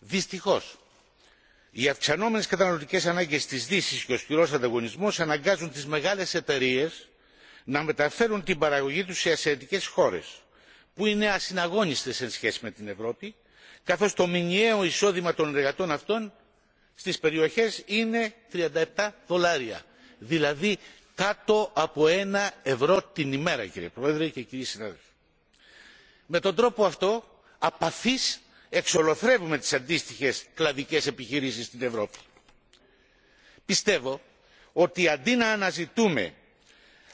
Δυστυχώς, οι αυξανόμενες καταναλωτικές ανάγκες της Δύσης και ο σκληρός ανταγωνισμός αναγκάζουν τις μεγάλες εταιρείες να μεταφέρουν την παραγωγή τους σε ασιατικές χώρες, που είναι ασυναγώνιστες σε σχέση με την Ευρώπη, καθώς το μηνιαίο εισόδημα των εργατών αυτών στις περιοχές είναι 37 δολάρια. Δηλαδή κάτω από ένα ευρώ την ημέρα κύριε Πρόεδρε και κύριοι συνάδελφοι. Με τον τρόπο αυτό απαθής εξολοθρεύουμε τις αντίστοιχες κλαδικές επιχειρήσεις στην Ευρώπη. Πιστεύω ότι αντί να αναζητούμε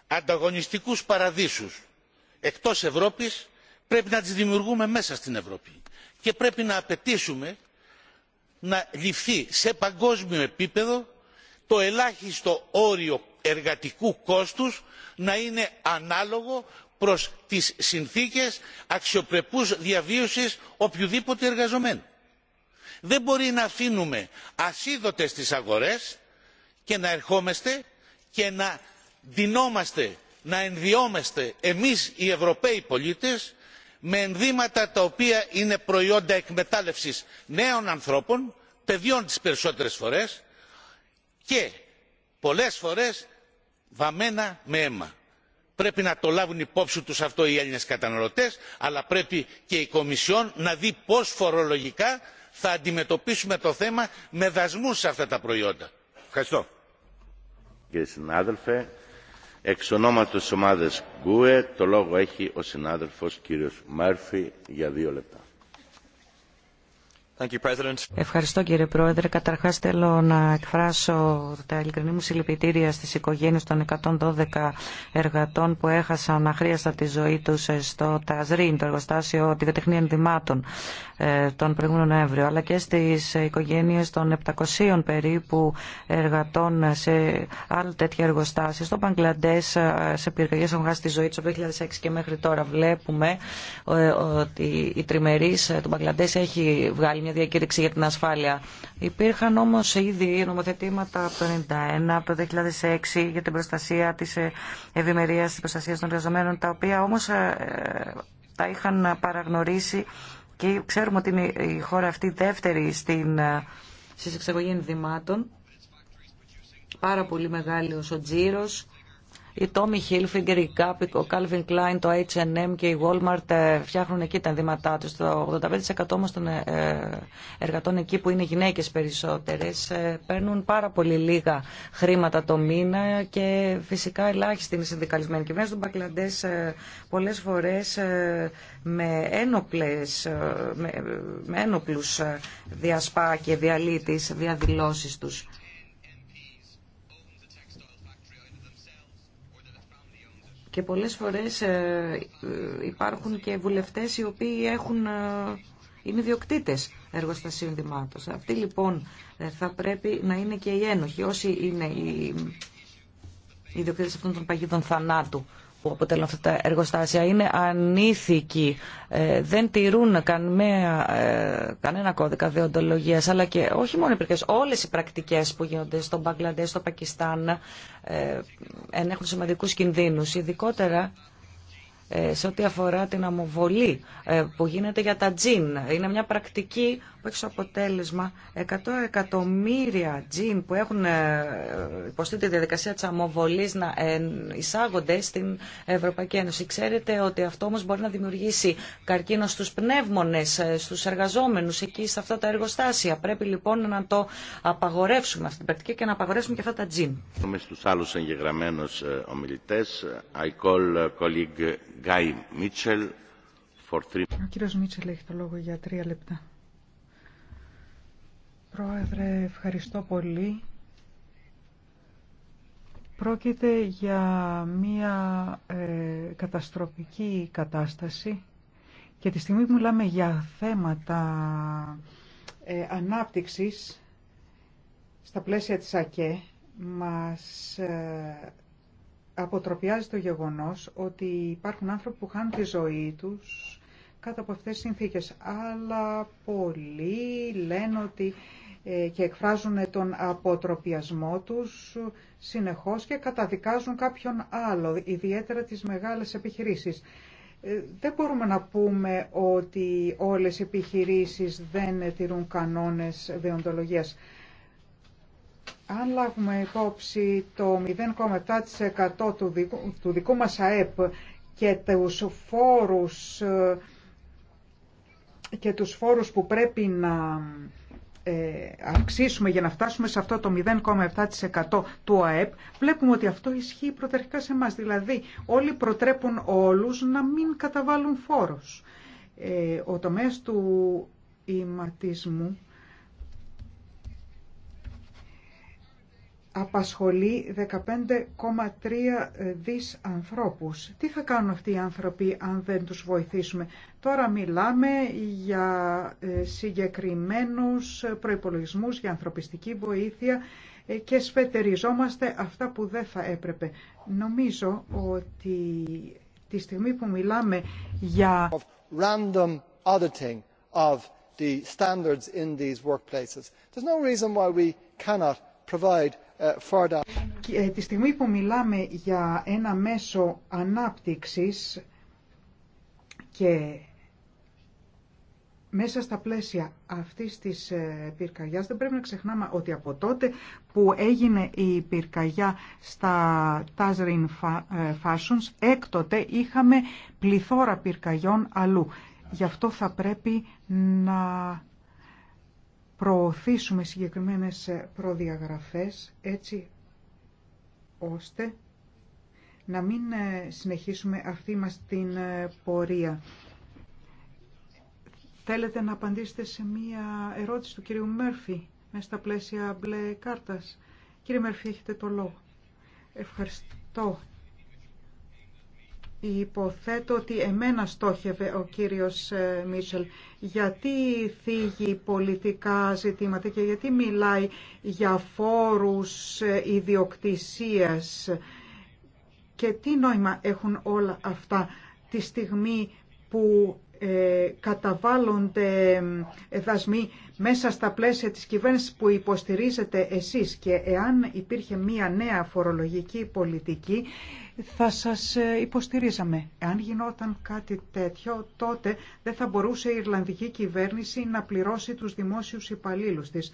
ανταγωνιστικούς παραδείσους εκτός Ευρώπης πρέπει να τις δημιουργούμε μέσα στην Ευρώπη και πρέπει να απαιτήσουμε να ληφθεί σε παγκόσμιο επίπεδο το ελάχιστο όριο εργατικού κόστους να είναι ανάλογο προς τις συνθήκες αξιοπρεπούς διαβίωσης οποιοδήποτε εργαζομένου. Δεν μπορεί να αφήνουμε ασίδωτες τις αγορές και να ερχόμαστε και να δινόμαστε, να ενδιόμαστε εμείς οι Ευρωπαίοι πολίτες με ενδύματα τα οποία είναι προϊόντα εκμετάλλευσης νέων ανθρώπων παιδιών τις περισσότερες φορές και πολλές φορές βαμμένα με αίμα. πρέπει να το λάβουν υπόψη τους αυτό οι έλληνες καταναλωτές αλλά πρέπει και η κομισιόν να δει πώς φορολογικά θα αντιμετωπίσουμε το θέμα με δασμούς σε αυτά τα προϊόντα. ευχαριστώ. Κύριε Εξ ονόματος ομάδας Γκουε, το λόγο έχει ο συνάδελφος κύριος Μέρφυ για δύο λεπτά. Ευχαριστώ κύριε Πρόεδρε. Καταρχά θέλω να εκφράσω τα ειλικρινή μου συλληπιτήρια στι οικογένειε των 112 εργατών που έχασαν αχρίαστα τη ζωή του ε, στο ΤΑΖΡΙΝ, το εργοστάσιο τη τεχνία ενδυμάτων ε, τον προηγούμενο Νοέμβριο, αλλά και στι οικογένειε των 700 περίπου εργατών ε, σε άλλα τέτοια εργοστάσια. Στο Παγκλαντές σε πυρκαγιές έχουν χάσει τη ζωή του από το 2006 και μέχρι τώρα. Βλέπουμε ότι η τριμερή του μπαγκλαντέ έχει βγάλει μια διακήρυξη για την ασφάλεια. Υπήρχαν όμως ήδη νομοθετήματα από το 1991, από το 2006 για την προστασία τη ευημερία, της ε, προστασία των εργαζομένων, τα οποία όμως ε, τα είχαν παραγνωρίσει και ξέρουμε ότι είναι η χώρα αυτή δεύτερη στην, ε, στις εξαγωγή ενδυμάτων. Πάρα πολύ μεγάλο ο τζίρος η Tommy Hilfiger, η ο Calvin Klein, το H&M και η Walmart ε, φτιάχνουν εκεί τα ενδύματά τους. Το 85% όμως των ε, ε, εργατών εκεί που είναι γυναίκες περισσότερες παίρνουν πάρα πολύ λίγα χρήματα το μήνα και φυσικά ελάχιστη είναι η συνδικαλισμένη κυβέρνηση του Μπαγκλαντές πολλές φορές με, ένοπλες, με, με ένοπλους διασπά και διαλύτης διαδηλώσεις τους. Και πολλές φορές ε, ε, υπάρχουν και βουλευτές οι οποίοι έχουν, ε, είναι ιδιοκτήτες εργοστασίων δημάτων. Αυτοί λοιπόν θα πρέπει να είναι και οι ένοχοι, όσοι είναι οι ιδιοκτήτες αυτών των παγίδων θανάτου που αποτελούν αυτά τα εργοστάσια είναι ανήθικοι, ε, δεν τηρούν κανένα, ε, κανένα κώδικα διοντολογία, αλλά και όχι μόνο οι όλες οι πρακτικές που γίνονται στο Μπαγκλαντές, στο Πακιστάν, ε, ενέχουν σημαντικούς κινδύνους, ειδικότερα ε, σε ό,τι αφορά την αμοβολή ε, που γίνεται για τα τζιν. Είναι μια πρακτική που έχει αποτέλεσμα 100 εκατομμύρια τζιν που έχουν ε, υποστεί τη διαδικασία της αμοβολής να εισάγονται στην Ευρωπαϊκή Ένωση. Ξέρετε ότι αυτό όμως μπορεί να δημιουργήσει καρκίνο στους πνεύμονες, στους εργαζόμενους εκεί σε αυτά τα εργοστάσια. Πρέπει λοιπόν να το απαγορεύσουμε αυτή την πρακτική και να απαγορεύσουμε και αυτά τα τζιν. Στους άλλους εγγεγραμμένους ομιλητές, I call colleague ο κύριος Μίτσελ έχει το λόγο για τρία λεπτά. Πρόεδρε, ευχαριστώ πολύ. Πρόκειται για μία ε, καταστροφική κατάσταση και τη στιγμή που μιλάμε για θέματα ε, ανάπτυξης στα πλαίσια της ΑΚΕ μας ε, αποτροπιάζει το γεγονός ότι υπάρχουν άνθρωποι που χάνουν τη ζωή τους κάτω από αυτές τις συνθήκες. Αλλά πολλοί λένε ότι ε, και εκφράζουν τον αποτροπιασμό τους συνεχώς και καταδικάζουν κάποιον άλλο, ιδιαίτερα τις μεγάλες επιχειρήσεις. Ε, δεν μπορούμε να πούμε ότι όλες οι επιχειρήσεις δεν τηρούν κανόνες δεοντολογίας. Αν λάβουμε υπόψη το 0,7% του δικού, του δικού μας ΑΕΠ και τους φόρους, ε, και τους φόρους που πρέπει να ε, αυξήσουμε για να φτάσουμε σε αυτό το 0,7% του ΑΕΠ, βλέπουμε ότι αυτό ισχύει προτερικά σε εμά. Δηλαδή όλοι προτρέπουν όλους να μην καταβάλουν Ε, ο τομέας του ηματισμού απασχολεί 15,3 δις ανθρώπους. Τι θα κάνουν αυτοί οι άνθρωποι αν δεν τους βοηθήσουμε. Τώρα μιλάμε για ε, συγκεκριμένους προϋπολογισμούς, για ανθρωπιστική βοήθεια ε, και σφετεριζόμαστε αυτά που δεν θα έπρεπε. Νομίζω ότι τη στιγμή που μιλάμε για random auditing of the standards in these workplaces, no provide uh, ε, τη στιγμή που μιλάμε για ένα μέσο ανάπτυξης και μέσα στα πλαίσια αυτής της ε, πυρκαγιάς δεν πρέπει να ξεχνάμε ότι από τότε που έγινε η πυρκαγιά στα Tazrin ε, Fashions έκτοτε είχαμε πληθώρα πυρκαγιών αλλού. Γι' αυτό θα πρέπει να προωθήσουμε συγκεκριμένες προδιαγραφές έτσι ώστε να μην ε, συνεχίσουμε αυτή μας την ε, πορεία. Θέλετε να απαντήσετε σε μία ερώτηση του κυρίου Μέρφη μέσα στα πλαίσια μπλε κάρτας. Κύριε Μέρφη, έχετε το λόγο. Ευχαριστώ Υποθέτω ότι εμένα στόχευε ο κύριος ε, Μίτσελ. Γιατί θίγει πολιτικά ζητήματα και γιατί μιλάει για φόρους ε, ιδιοκτησίας και τι νόημα έχουν όλα αυτά τη στιγμή που ε, καταβάλλονται δασμοί μέσα στα πλαίσια της κυβέρνησης που υποστηρίζετε εσείς και εάν υπήρχε μία νέα φορολογική πολιτική θα σας ε, υποστηρίζαμε. Αν γινόταν κάτι τέτοιο, τότε δεν θα μπορούσε η Ιρλανδική κυβέρνηση να πληρώσει τους δημόσιους υπαλλήλους της.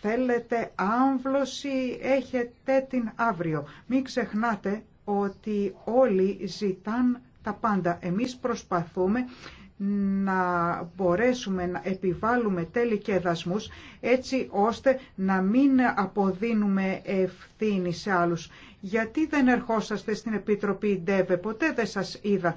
Θέλετε άμβλωση, έχετε την αύριο. Μην ξεχνάτε ότι όλοι ζητάν τα πάντα. Εμείς προσπαθούμε να μπορέσουμε να επιβάλλουμε τέλη και δασμούς έτσι ώστε να μην αποδίνουμε ευθύνη σε άλλους. Γιατί δεν ερχόσαστε στην Επιτροπή ΝΤΕΒΕ, ποτέ δεν σας είδα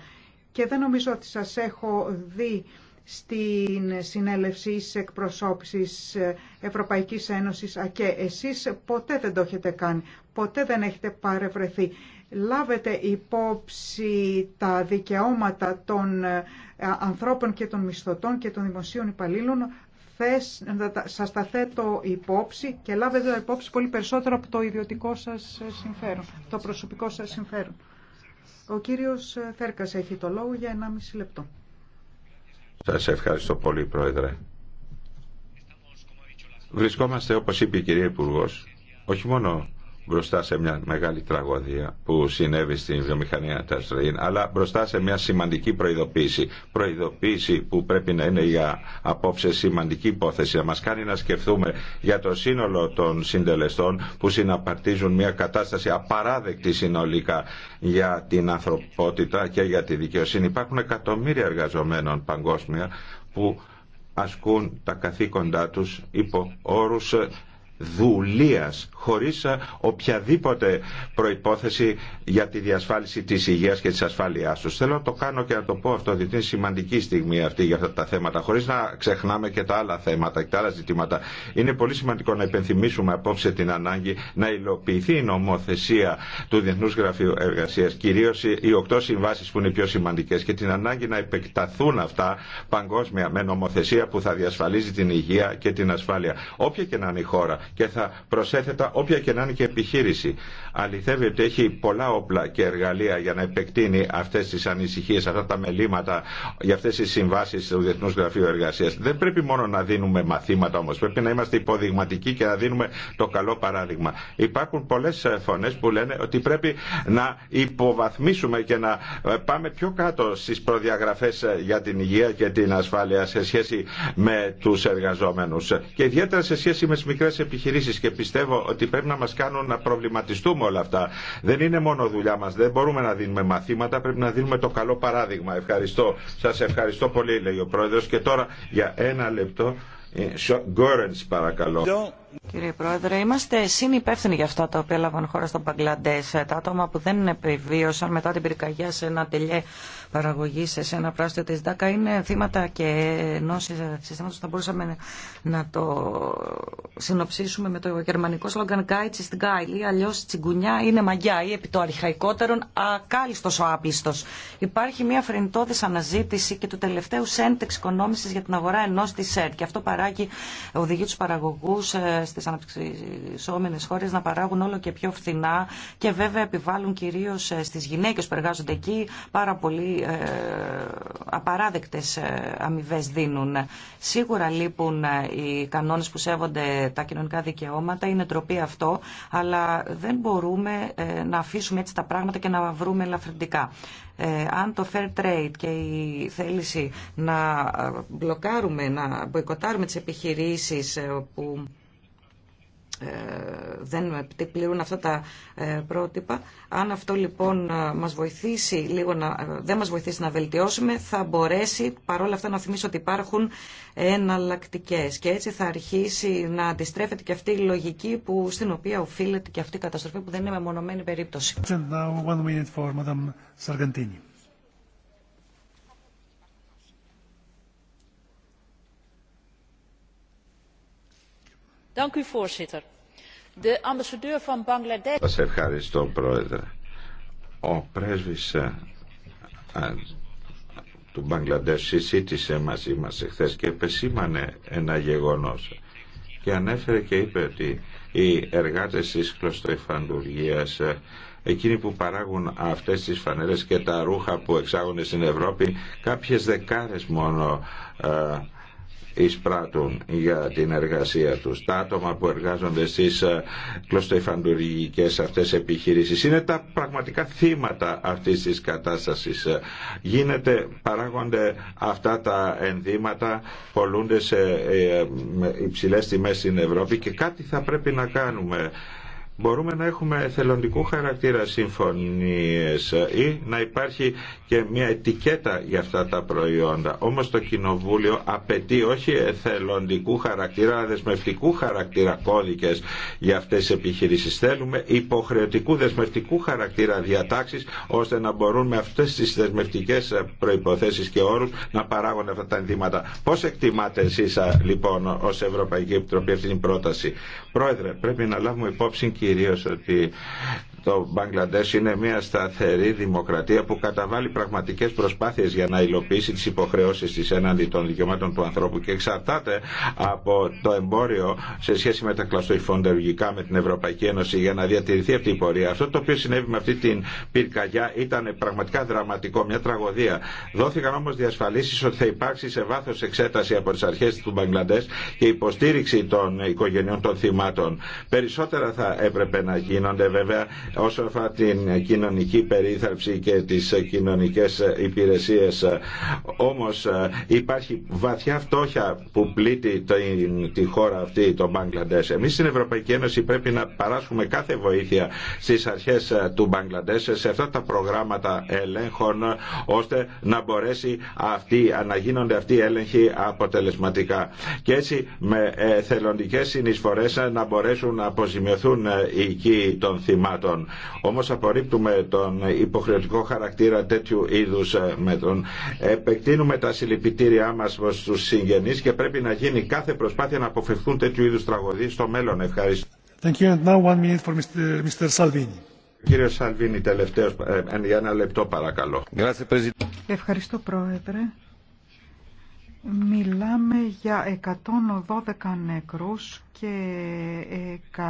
και δεν νομίζω ότι σας έχω δει στην συνέλευση σε εκπροσώπησης Ευρωπαϊκής Ένωσης ΑΚΕ. Εσείς ποτέ δεν το έχετε κάνει, ποτέ δεν έχετε παρευρεθεί. Λάβετε υπόψη τα δικαιώματα των ε, ανθρώπων και των μισθωτών και των δημοσίων υπαλλήλων θες, σας τα θέτω υπόψη και λάβετε υπόψη πολύ περισσότερο από το ιδιωτικό σας συμφέρον, το προσωπικό σας συμφέρον. Ο κύριος Θέρκας έχει το λόγο για 1,5 λεπτό. Σας ευχαριστώ πολύ Πρόεδρε. Βρισκόμαστε όπως είπε η κυρία Υπουργός, όχι μόνο μπροστά σε μια μεγάλη τραγωδία που συνέβη στην βιομηχανία Ταστρεϊν, αλλά μπροστά σε μια σημαντική προειδοποίηση. Προειδοποίηση που πρέπει να είναι για απόψε σημαντική υπόθεση, να μα κάνει να σκεφτούμε για το σύνολο των συντελεστών που συναπαρτίζουν μια κατάσταση απαράδεκτη συνολικά για την ανθρωπότητα και για τη δικαιοσύνη. Υπάρχουν εκατομμύρια εργαζομένων παγκόσμια που ασκούν τα καθήκοντά τους υπό όρους δουλείας χωρίς ε, οποιαδήποτε προϋπόθεση για τη διασφάλιση της υγείας και της ασφάλειάς τους. Θέλω να το κάνω και να το πω αυτό, διότι είναι σημαντική στιγμή αυτή για αυτά τα θέματα, χωρίς να ξεχνάμε και τα άλλα θέματα και τα άλλα ζητήματα. Είναι πολύ σημαντικό να υπενθυμίσουμε απόψε την ανάγκη να υλοποιηθεί η νομοθεσία του Διεθνούς Γραφείου Εργασίας, κυρίως οι οκτώ συμβάσει που είναι οι πιο σημαντικές και την ανάγκη να επεκταθούν αυτά παγκόσμια με νομοθεσία που θα διασφαλίζει την υγεία και την ασφάλεια. Όποια και να είναι η χώρα και θα προσέθετα όποια και να είναι και επιχείρηση. Αληθεύει ότι έχει πολλά όπλα και εργαλεία για να επεκτείνει αυτέ τι ανησυχίε, αυτά τα μελήματα για αυτέ τι συμβάσει του Διεθνού Γραφείου Εργασία. Δεν πρέπει μόνο να δίνουμε μαθήματα όμω, πρέπει να είμαστε υποδειγματικοί και να δίνουμε το καλό παράδειγμα. Υπάρχουν πολλέ ε, φωνέ που λένε ότι πρέπει να υποβαθμίσουμε και να ε, πάμε πιο κάτω στι προδιαγραφέ ε, για την υγεία και την ασφάλεια σε σχέση με του εργαζόμενου και ιδιαίτερα σε σχέση με τι μικρέ επιχειρήσει και πιστεύω ότι πρέπει να μας κάνουν να προβληματιστούμε όλα αυτά. Δεν είναι μόνο δουλειά μας, δεν μπορούμε να δίνουμε μαθήματα, πρέπει να δίνουμε το καλό παράδειγμα. Ευχαριστώ. Σας ευχαριστώ πολύ λέει ο Πρόεδρος και τώρα για ένα λεπτό Γκόρενς παρακαλώ. Κύριε Πρόεδρε, είμαστε συνυπεύθυνοι για αυτά τα οποία έλαβαν χώρα στο Μπαγκλαντές. Τα άτομα που δεν επιβίωσαν μετά την πυρκαγιά σε ένα τελειέ Παραγωγή σε ένα πράσινο τη ΔΑΚΑ είναι θύματα και ενό συστήματο που θα μπορούσαμε να το συνοψίσουμε με το γερμανικό σλόγγαν Γκάιτ στην Gai» ή «Τσιγκουνιά είναι μαγιά» ή επί το αρχαϊκότερον ακάλιστο ο άπλιστος». Υπάρχει μια φρενιτόδης αναζήτηση και του τελευταίου σέντ οικονόμηση για την αγορά ενό τη ΣΕΤ και αυτό παράγει, οδηγεί τους παραγωγούς ε, στι αναπτυξιόμενες χώρε να παράγουν όλο και πιο φθηνά και βέβαια επιβάλλουν κυρίω ε, στι γυναίκε που εργάζονται εκεί πάρα πολύ ε, απαράδεκτες ε, αμοιβέ δίνουν. Σίγουρα λείπουν ε, οι κανόνες που σέβονται τα κοινωνικά δικαιώματα, είναι ντροπή αυτό, αλλά δεν μπορούμε να αφήσουμε έτσι τα πράγματα και να βρούμε ελαφρυντικά. αν το fair trade και η θέληση να μπλοκάρουμε, να μποϊκοτάρουμε τις επιχειρήσεις που ε, δεν πληρούν αυτά τα ε, πρότυπα. Αν αυτό λοιπόν ε, μας βοηθήσει λίγο να, δεν μας βοηθήσει να βελτιώσουμε, θα μπορέσει παρόλα αυτά να θυμίσω ότι υπάρχουν εναλλακτικέ. Και έτσι θα αρχίσει να αντιστρέφεται και αυτή η λογική που, στην οποία οφείλεται και αυτή η καταστροφή που δεν είναι μεμονωμένη περίπτωση. De ευχαριστώ πρόεδρε. Ο πρέσβης ε, ε, του Μπαγκλαντές συζήτησε μαζί μας εχθές και επεσήμανε ένα γεγονός και ανέφερε και είπε ότι οι εργάτες της κλωστοϊφαντουργίας ε, εκείνοι που παράγουν αυτές τις φανέλες και τα ρούχα που εξάγονται στην Ευρώπη κάποιες δεκάρες μόνο εισπράττουν για την εργασία τους. Τα άτομα που εργάζονται στις ε, κλωστοϊφαντουργικές αυτές επιχειρήσεις είναι τα πραγματικά θύματα αυτής της κατάστασης. Ε, γίνεται, παράγονται αυτά τα ενδύματα, πολλούνται σε ε, υψηλές τιμές στην Ευρώπη και κάτι θα πρέπει να κάνουμε. Μπορούμε να έχουμε εθελοντικού χαρακτήρα συμφωνίες ή να υπάρχει και μια ετικέτα για αυτά τα προϊόντα. Όμως το Κοινοβούλιο απαιτεί όχι εθελοντικού χαρακτήρα, αλλά δεσμευτικού χαρακτήρα κώδικες για αυτές τις επιχειρήσεις. Θέλουμε υποχρεωτικού δεσμευτικού χαρακτήρα διατάξεις, ώστε να μπορούν με αυτές τις δεσμευτικές προϋποθέσεις και όρους να παράγουν αυτά τα ενδύματα. Πώς εκτιμάτε εσείς λοιπόν ως Ευρωπαϊκή Επιτροπή αυτή την πρόταση. Πρόεδρε, πρέπει να λάβουμε υπόψη κυρίως ότι το Μπαγκλαντές είναι μια σταθερή δημοκρατία που καταβάλει πραγματικές προσπάθειες για να υλοποιήσει τις υποχρεώσεις της έναντι των δικαιωμάτων του ανθρώπου και εξαρτάται από το εμπόριο σε σχέση με τα κλαστοϊφοντεργικά με την Ευρωπαϊκή Ένωση για να διατηρηθεί αυτή η πορεία. Αυτό το οποίο συνέβη με αυτή την πυρκαγιά ήταν πραγματικά δραματικό, μια τραγωδία. Δόθηκαν όμως διασφαλίσεις ότι θα υπάρξει σε βάθος εξέταση από τις αρχές του Μπαγκλαντές και υποστήριξη των οικογενειών των θυμάτων. Περισσότερα θα έπρεπε να γίνονται βέβαια όσο αφορά την κοινωνική περίθαλψη και τις κοινωνικές υπηρεσίες. Όμως υπάρχει βαθιά φτώχεια που πλήττει τη χώρα αυτή, το Μπαγκλαντές. Εμείς στην Ευρωπαϊκή Ένωση πρέπει να παράσχουμε κάθε βοήθεια στις αρχές ε, του Μπαγκλαντές σε αυτά τα προγράμματα ελέγχων ώστε να μπορέσει αυτή, να γίνονται αυτοί οι έλεγχοι αποτελεσματικά. Και έτσι με θελοντικές συνεισφορές ε, να μπορέσουν να αποζημιωθούν ε, οι οικοί των θυμάτων μέτρων. Όμως απορρίπτουμε τον υποχρεωτικό χαρακτήρα τέτοιου είδους ε, μέτρων. Επεκτείνουμε τα συλληπιτήριά μας στους συγγενείς και πρέπει να γίνει κάθε προσπάθεια να αποφευθούν τέτοιου είδους τραγωδίες στο μέλλον. Ευχαριστώ. Thank you. now one minute for Mr. Mr. Salvini. Κύριε Σαλβίνη, τελευταίος, ε, για ένα λεπτό παρακαλώ. Ευχαριστώ Πρόεδρε. Μιλάμε για 112 νεκρούς και 100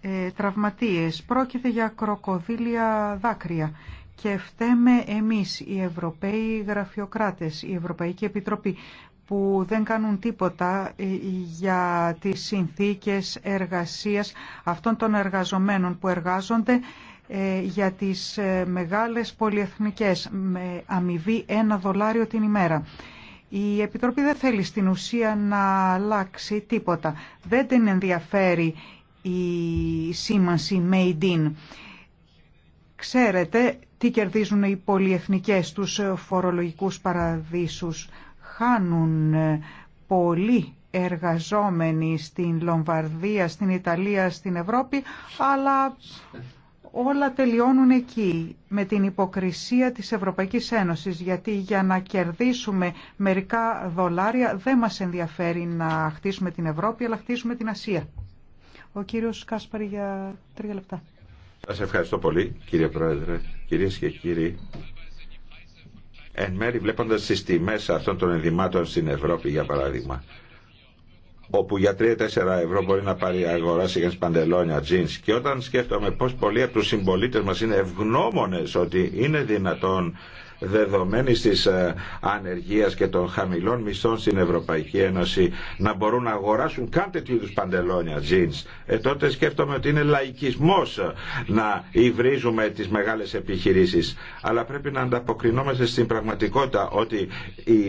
ε, τραυματίες. Πρόκειται για κροκοδίλια δάκρυα και φταίμε εμείς οι Ευρωπαίοι γραφειοκράτες, η Ευρωπαϊκή Επιτροπή που δεν κάνουν τίποτα ε, για τις συνθήκες εργασίας αυτών των εργαζομένων που εργάζονται ε, για τις ε, μεγάλες πολυεθνικές με αμοιβή ένα δολάριο την ημέρα. Η Επιτροπή δεν θέλει στην ουσία να αλλάξει τίποτα. Δεν την ενδιαφέρει η σήμανση Made in. Ξέρετε τι κερδίζουν οι πολυεθνικές τους φορολογικούς παραδείσους. Χάνουν ε, πολύ εργαζόμενοι στην Λομβαρδία, στην Ιταλία, στην Ευρώπη, αλλά όλα τελειώνουν εκεί με την υποκρισία της Ευρωπαϊκής Ένωσης γιατί για να κερδίσουμε μερικά δολάρια δεν μας ενδιαφέρει να χτίσουμε την Ευρώπη αλλά χτίσουμε την Ασία. Ο κύριος Κάσπαρη για τρία λεπτά. Σας ευχαριστώ πολύ κύριε Πρόεδρε, κυρίες και κύριοι. Εν μέρη βλέποντας τις τιμές αυτών των ενδυμάτων στην Ευρώπη για παράδειγμα, όπου για 3-4 ευρώ μπορεί να πάρει αγορά κανείς παντελόνια, jeans. Και όταν σκέφτομαι πώς πολλοί από τους συμπολίτες μας είναι ευγνώμονες ότι είναι δυνατόν δεδομένης της ε, ανεργίας και των χαμηλών μισθών στην Ευρωπαϊκή Ένωση να μπορούν να αγοράσουν καν τέτοιου είδους παντελόνια, jeans. Ε, τότε σκέφτομαι ότι είναι λαϊκισμός ε, να υβρίζουμε τις μεγάλες επιχειρήσεις. Αλλά πρέπει να ανταποκρινόμαστε στην πραγματικότητα ότι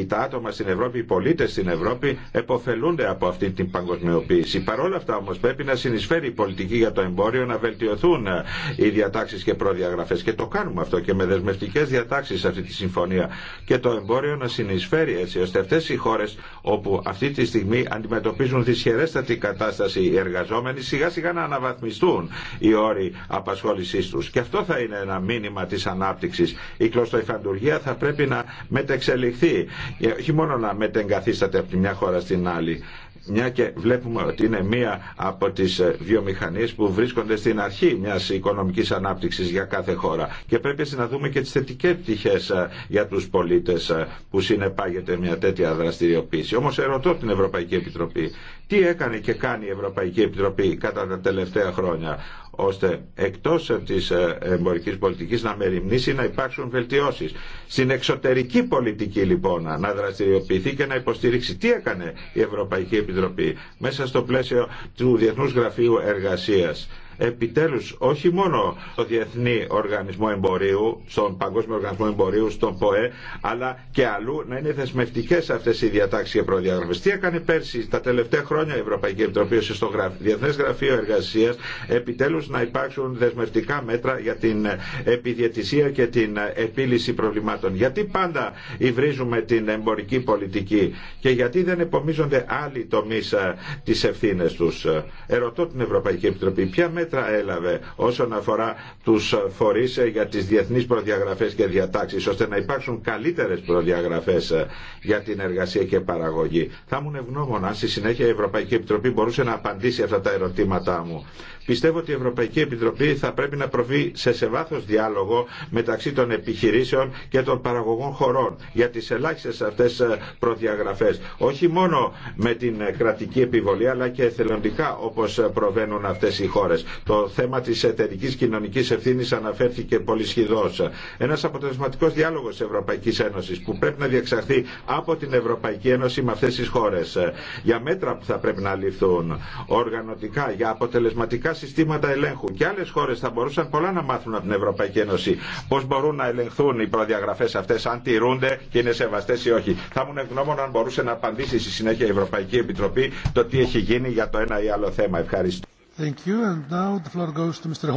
τα άτομα στην Ευρώπη, οι πολίτες στην Ευρώπη εποφελούνται από αυτή την παγκοσμιοποίηση. Παρ' όλα αυτά όμως πρέπει να συνεισφέρει η πολιτική για το εμπόριο να βελτιωθούν ε, οι διατάξεις και προδιαγραφές. Και το κάνουμε αυτό και με δεσμευτικές διατάξεις τη συμφωνία και το εμπόριο να συνεισφέρει έτσι ώστε αυτές οι χώρες όπου αυτή τη στιγμή αντιμετωπίζουν δυσχερέστατη κατάσταση οι εργαζόμενοι σιγά σιγά να αναβαθμιστούν οι όροι απασχόλησής τους και αυτό θα είναι ένα μήνυμα της ανάπτυξης η κλωστοϊφαντουργία θα πρέπει να μετεξελιχθεί ε, όχι μόνο να μετεγκαθίσταται από τη μια χώρα στην άλλη μια και βλέπουμε ότι είναι μία από τις ε, βιομηχανίες που βρίσκονται στην αρχή μιας οικονομικής ανάπτυξης για κάθε χώρα και πρέπει να δούμε και τις θετικές πτυχές ε, για τους πολίτες ε, που συνεπάγεται μια τέτοια δραστηριοποίηση. Όμως ερωτώ την Ευρωπαϊκή Επιτροπή τι έκανε και κάνει η Ευρωπαϊκή Επιτροπή κατά τα τελευταία χρόνια ώστε εκτός της ε, εμπορικής πολιτικής να μεριμνήσει να υπάρξουν βελτιώσεις. Στην εξωτερική πολιτική λοιπόν να δραστηριοποιηθεί και να υποστηρίξει. Τι έκανε η Ευρωπαϊκή Επιτροπή μέσα στο πλαίσιο του Διεθνούς Γραφείου Εργασίας επιτέλους όχι μόνο στο Διεθνή Οργανισμό Εμπορίου, στον Παγκόσμιο Οργανισμό Εμπορίου, στον ΠΟΕ, αλλά και αλλού να είναι δεσμευτικέ αυτές οι διατάξεις και προδιαγραφές. Τι έκανε πέρσι τα τελευταία χρόνια η Ευρωπαϊκή Επιτροπή στο Διεθνέ Διεθνές Γραφείο Εργασίας επιτέλους να υπάρξουν δεσμευτικά μέτρα για την επιδιαιτησία και την επίλυση προβλημάτων. Γιατί πάντα υβρίζουμε την εμπορική πολιτική και γιατί δεν επομίζονται άλλοι τομείς ε, τις ευθύνε τους. Ε, ερωτώ την Ευρωπαϊκή Επιτροπή ποια μέτρα μέτρα έλαβε όσον αφορά τους φορείς για τις διεθνείς προδιαγραφές και διατάξεις ώστε να υπάρξουν καλύτερες προδιαγραφές για την εργασία και παραγωγή. Θα ήμουν ευγνώμων αν στη συνέχεια η Ευρωπαϊκή Επιτροπή μπορούσε να απαντήσει αυτά τα ερωτήματά μου. Πιστεύω ότι η Ευρωπαϊκή Επιτροπή θα πρέπει να προβεί σε, σε διάλογο μεταξύ των επιχειρήσεων και των παραγωγών χωρών για τις ελάχιστες αυτές ε, προδιαγραφές. Όχι μόνο με την ε, κρατική επιβολή αλλά και εθελοντικά όπως ε, προβαίνουν αυτές οι χώρες. Το θέμα της εταιρική κοινωνικής ευθύνης αναφέρθηκε πολύ σχηδός. Ένας αποτελεσματικός διάλογος της Ευρωπαϊκής Ένωσης που πρέπει να διεξαχθεί από την Ευρωπαϊκή Ένωση με αυτέ τι χώρες για μέτρα που θα πρέπει να ληφθούν οργανωτικά, για αποτελεσματικά συστήματα ελέγχου. Και άλλε χώρε θα μπορούσαν πολλά να μάθουν από την Ευρωπαϊκή Ένωση. Πώ μπορούν να ελεγχθούν οι προδιαγραφέ αυτέ, αν τηρούνται και είναι σεβαστέ ή όχι. Θα ήμουν ευγνώμων αν μπορούσε να απαντήσει στη συνέχεια η Ευρωπαϊκή Επιτροπή το τι έχει γίνει για το ένα ή άλλο θέμα. Ευχαριστώ.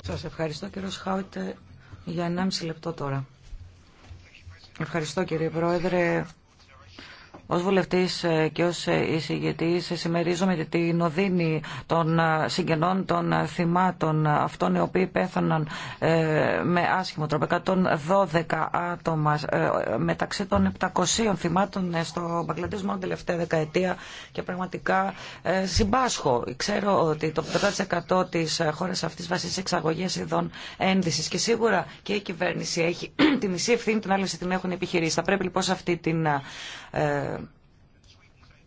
Σας ευχαριστώ κύριο για 1,5 λεπτό τώρα. Ευχαριστώ κύριε Πρόεδρε. Ως βουλευτής ε, και ως ε, εισηγητής συμμερίζομαι την οδύνη των ε, συγγενών των θυμάτων αυτών οι οποίοι πέθαναν με άσχημο τρόπο. 112 άτομα μεταξύ των 700 θυμάτων στο Μπαγκλαντές μόνο τελευταία δεκαετία και πραγματικά συμπάσχω. Ξέρω ότι το 50% της χώρας αυτής βασίζει σε εξαγωγές ειδών ένδυσης και σίγουρα και η κυβέρνηση έχει τη μισή ευθύνη, την άλλη την έχουν επιχειρήσει. Θα πρέπει λοιπόν αυτή την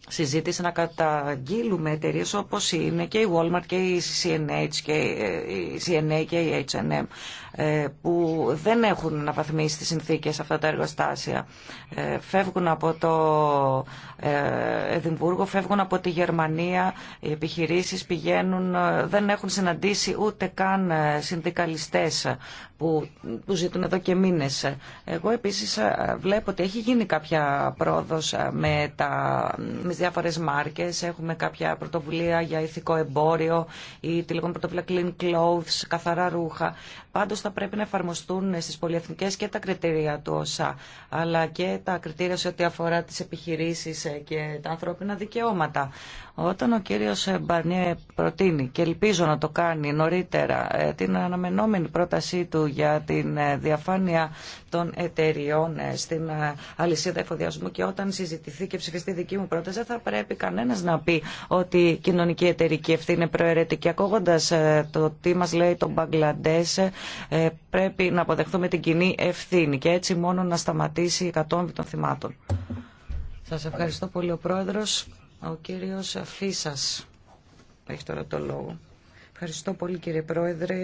συζήτηση να καταγγείλουμε εταιρείε όπως είναι και η Walmart και η CNH ε, και η CNA και η H&M ε, που δεν έχουν αναβαθμίσει τις συνθήκες αυτά τα εργοστάσια. Ε, φεύγουν από το ε, Εδιμβούργο, φεύγουν από τη Γερμανία, οι επιχειρήσεις πηγαίνουν, δεν έχουν συναντήσει ούτε καν συνδικαλιστές που, που ζητούν εδώ και μήνες. Εγώ επίσης βλέπω ότι έχει γίνει κάποια πρόοδος με, τα, με τις διάφορες μάρκες, έχουμε κάποια πρωτοβουλία για ηθικό εμπόριο ή τη λεγόμενη πρωτοβουλία clean clothes, καθαρά ρούχα. Πάντως θα πρέπει να εφαρμοστούν στι πολυεθνικές και τα κριτήρια του ΩΣΑ, αλλά και τα κριτήρια σε ό,τι αφορά τι επιχειρήσει ε, και τα ανθρώπινα δικαιώματα. Όταν ο κύριο Μπαρνιέ προτείνει, και ελπίζω να το κάνει νωρίτερα, ε, την αναμενόμενη πρότασή του για την ε, διαφάνεια των εταιριών στην αλυσίδα εφοδιασμού και όταν συζητηθεί και ψηφιστεί δική μου πρόταση, θα πρέπει κανένα να πει ότι η κοινωνική εταιρική ευθύνη είναι προαιρετική. ακούγοντα το τι μα λέει το Μπαγκλαντέ, ε, πρέπει να αποδεχθούμε την κοινή ευθύνη και έτσι μόνο να σταματήσει η κατόμβη των θυμάτων. Σας ευχαριστώ πολύ ο Πρόεδρος. Ο κύριος Φίσας έχει τώρα το λόγο. Ευχαριστώ πολύ κύριε Πρόεδρε,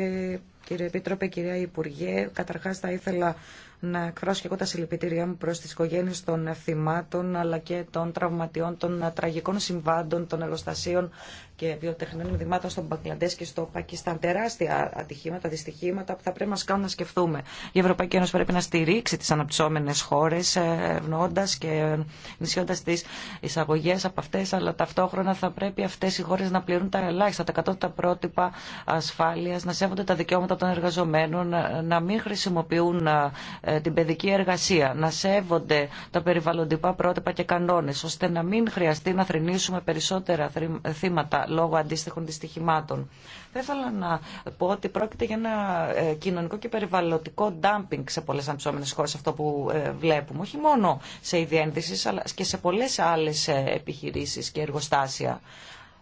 κύριε Επίτροπε, κυρία Υπουργέ. Καταρχάς θα ήθελα να εκφράσω και εγώ τα συλληπιτήριά μου προς τις οικογένειες των θυμάτων αλλά και των τραυματιών των τραγικών συμβάντων των εργοστασίων και βιοτεχνών δημάτων στον Μπαγκλαντέ και στο Πακιστάν. Τεράστια ατυχήματα, δυστυχήματα που θα πρέπει να μα κάνουν να σκεφτούμε. Η Ευρωπαϊκή Ένωση πρέπει να στηρίξει τι αναπτυσσόμενε χώρε, ευνοώντα και ενισχύοντα τι εισαγωγέ από αυτέ, αλλά ταυτόχρονα θα πρέπει αυτέ οι χώρε να πληρούν τα ελάχιστα, τα κατώτατα πρότυπα ασφάλεια, να σέβονται τα δικαιώματα των εργαζομένων, ε, να μην χρησιμοποιούν ε, ε, την παιδική εργασία, να σέβονται τα περιβαλλοντικά πρότυπα και κανόνε, ώστε να μην χρειαστεί να θρυνήσουμε περισσότερα θύματα λόγω αντίστοιχων δυστυχημάτων. Θα ήθελα να πω ότι πρόκειται για ένα ε, κοινωνικό και περιβαλλοντικό dumping σε πολλέ αντισώμενε χώρε, αυτό που ε, βλέπουμε. Όχι μόνο σε ιδιένδυση, αλλά και σε πολλέ άλλε επιχειρήσει και εργοστάσια.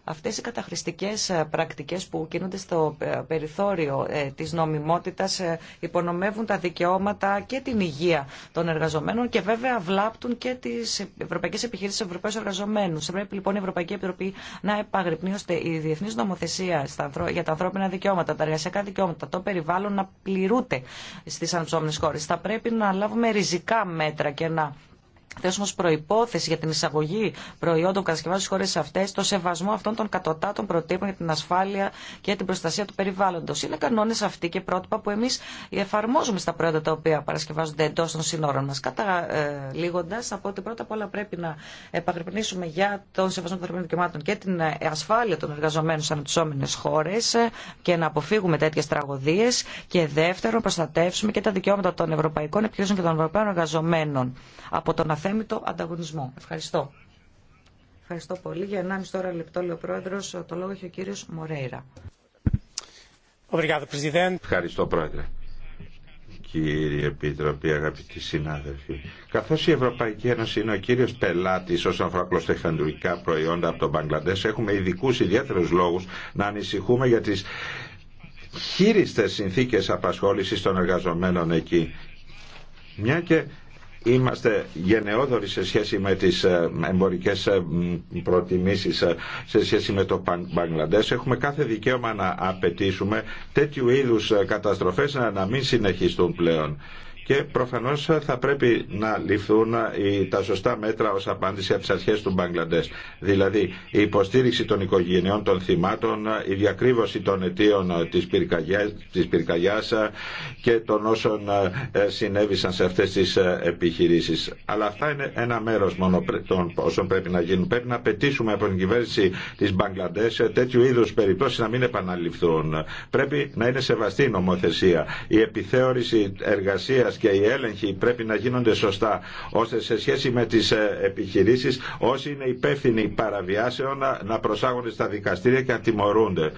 Αυτές οι καταχρηστικές ε, πρακτικές που κινούνται στο ε, περιθώριο ε, της νομιμότητας υπονομεύουν τα δικαιώματα και την υγεία των εργαζομένων και βέβαια βλάπτουν και τις ευρωπαϊκές επιχειρήσεις στους ευρωπαίους εργαζομένους. Πρέπει λοιπόν η Ευρωπαϊκή Επιτροπή να επαγρυπνεί ώστε η διεθνής νομοθεσία για τα ανθρώπινα δικαιώματα, τα εργασιακά δικαιώματα, το περιβάλλον να πληρούνται στις ανθρώπινες χώρες. Θα πρέπει να λάβουμε ριζικά μέτρα και να θέσουμε ως προϋπόθεση για την εισαγωγή προϊόντων κατασκευάσεων στις χώρες αυτές το σεβασμό αυτών των κατωτάτων προτύπων για την ασφάλεια και την προστασία του περιβάλλοντος. Είναι κανόνες αυτοί και πρότυπα που εμείς εφαρμόζουμε στα προϊόντα τα οποία παρασκευάζονται εντός των συνόρων μας. Καταλήγοντας, ε, θα πω ότι πρώτα απ' όλα πρέπει να επαγρυπνήσουμε για τον σεβασμό των ανθρωπίνων δικαιωμάτων και την ε, ασφάλεια των εργαζομένων σε αναπτυσσόμενες χώρες ε, και να αποφύγουμε τέτοιες τραγωδίες και δεύτερον προστατεύσουμε και τα δικαιώματα των ευρωπαϊκών επιχειρήσεων και των ευρωπαίων εργαζομένων από αθέμητο ανταγωνισμό. Ευχαριστώ. Ευχαριστώ πολύ. Για 1,5 τώρα λεπτό, λέει ο Πρόεδρο, το λόγο έχει ο κύριο Μορέιρα. Ευχαριστώ, Πρόεδρε. Κύριε Επιτροπή, αγαπητοί συνάδελφοι, καθώ η Ευρωπαϊκή Ένωση είναι ο κύριο πελάτη όσον αφορά κλωστοϊφαντουργικά προϊόντα από τον Μπαγκλαντέ, έχουμε ειδικού ιδιαίτερου λόγου να ανησυχούμε για τι χείριστε συνθήκε απασχόληση των εργαζομένων εκεί. Μια και είμαστε γενναιόδοροι σε σχέση με τις ε, εμπορικές ε, προτιμήσεις ε, σε σχέση με το Μπαγκλαντές. Έχουμε κάθε δικαίωμα να απαιτήσουμε τέτοιου είδους καταστροφές να μην συνεχιστούν πλέον και προφανώς θα πρέπει να ληφθούν τα σωστά μέτρα ως απάντηση από τις αρχές του Μπαγκλαντές. Δηλαδή η υποστήριξη των οικογενειών των θυμάτων, η διακρύβωση των αιτίων της πυρκαγιάς, της πυρκαγιάς και των όσων ε, συνέβησαν σε αυτές τις ε, επιχειρήσεις. Αλλά αυτά είναι ένα μέρος μόνο των όσων πρέπει να γίνουν. Πρέπει να πετήσουμε από την κυβέρνηση της Μπαγκλαντές ε, τέτοιου είδους περιπτώσεις να μην επαναληφθούν. Πρέπει να είναι σεβαστή η νομοθεσία. Η επιθεώρηση εργασίας και οι έλεγχοι πρέπει να γίνονται σωστά, ώστε σε σχέση με τις ε, επιχειρήσεις όσοι είναι υπεύθυνοι παραβιάσεων να προσάγονται στα δικαστήρια και να τιμωρούνται.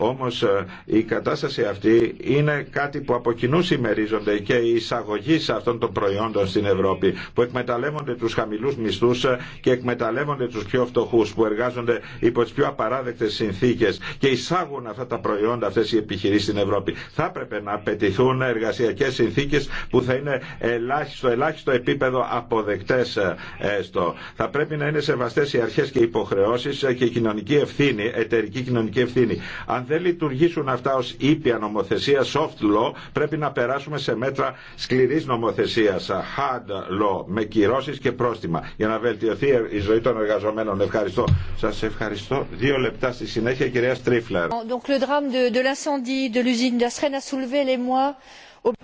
Όμως ε, η κατάσταση αυτή είναι κάτι που από κοινού συμμερίζονται και η εισαγωγή αυτών των προϊόντων στην Ευρώπη που εκμεταλλεύονται τους χαμηλούς μισθούς ε, και εκμεταλλεύονται τους πιο φτωχούς που εργάζονται υπό τις πιο απαράδεκτες συνθήκες και εισάγουν αυτά τα προϊόντα αυτές οι επιχειρήσεις στην Ευρώπη. Θα έπρεπε να απαιτηθούν εργασιακές συνθήκες που θα είναι ελάχιστο, ελάχιστο επίπεδο αποδεκτές ε, έστω. Θα πρέπει να είναι σεβαστές οι αρχές και οι υποχρεώσεις και η κοινωνική ευθύνη, εταιρική κοινωνική ευθύνη δεν λειτουργήσουν αυτά ως ήπια νομοθεσία, soft law, πρέπει να περάσουμε σε μέτρα σκληρής νομοθεσίας, hard law, με κυρώσεις και πρόστιμα, για να βελτιωθεί η ζωή των εργαζομένων. Ευχαριστώ. Σας ευχαριστώ. Δύο λεπτά στη συνέχεια, κυρία Στρίφλερ. Donc,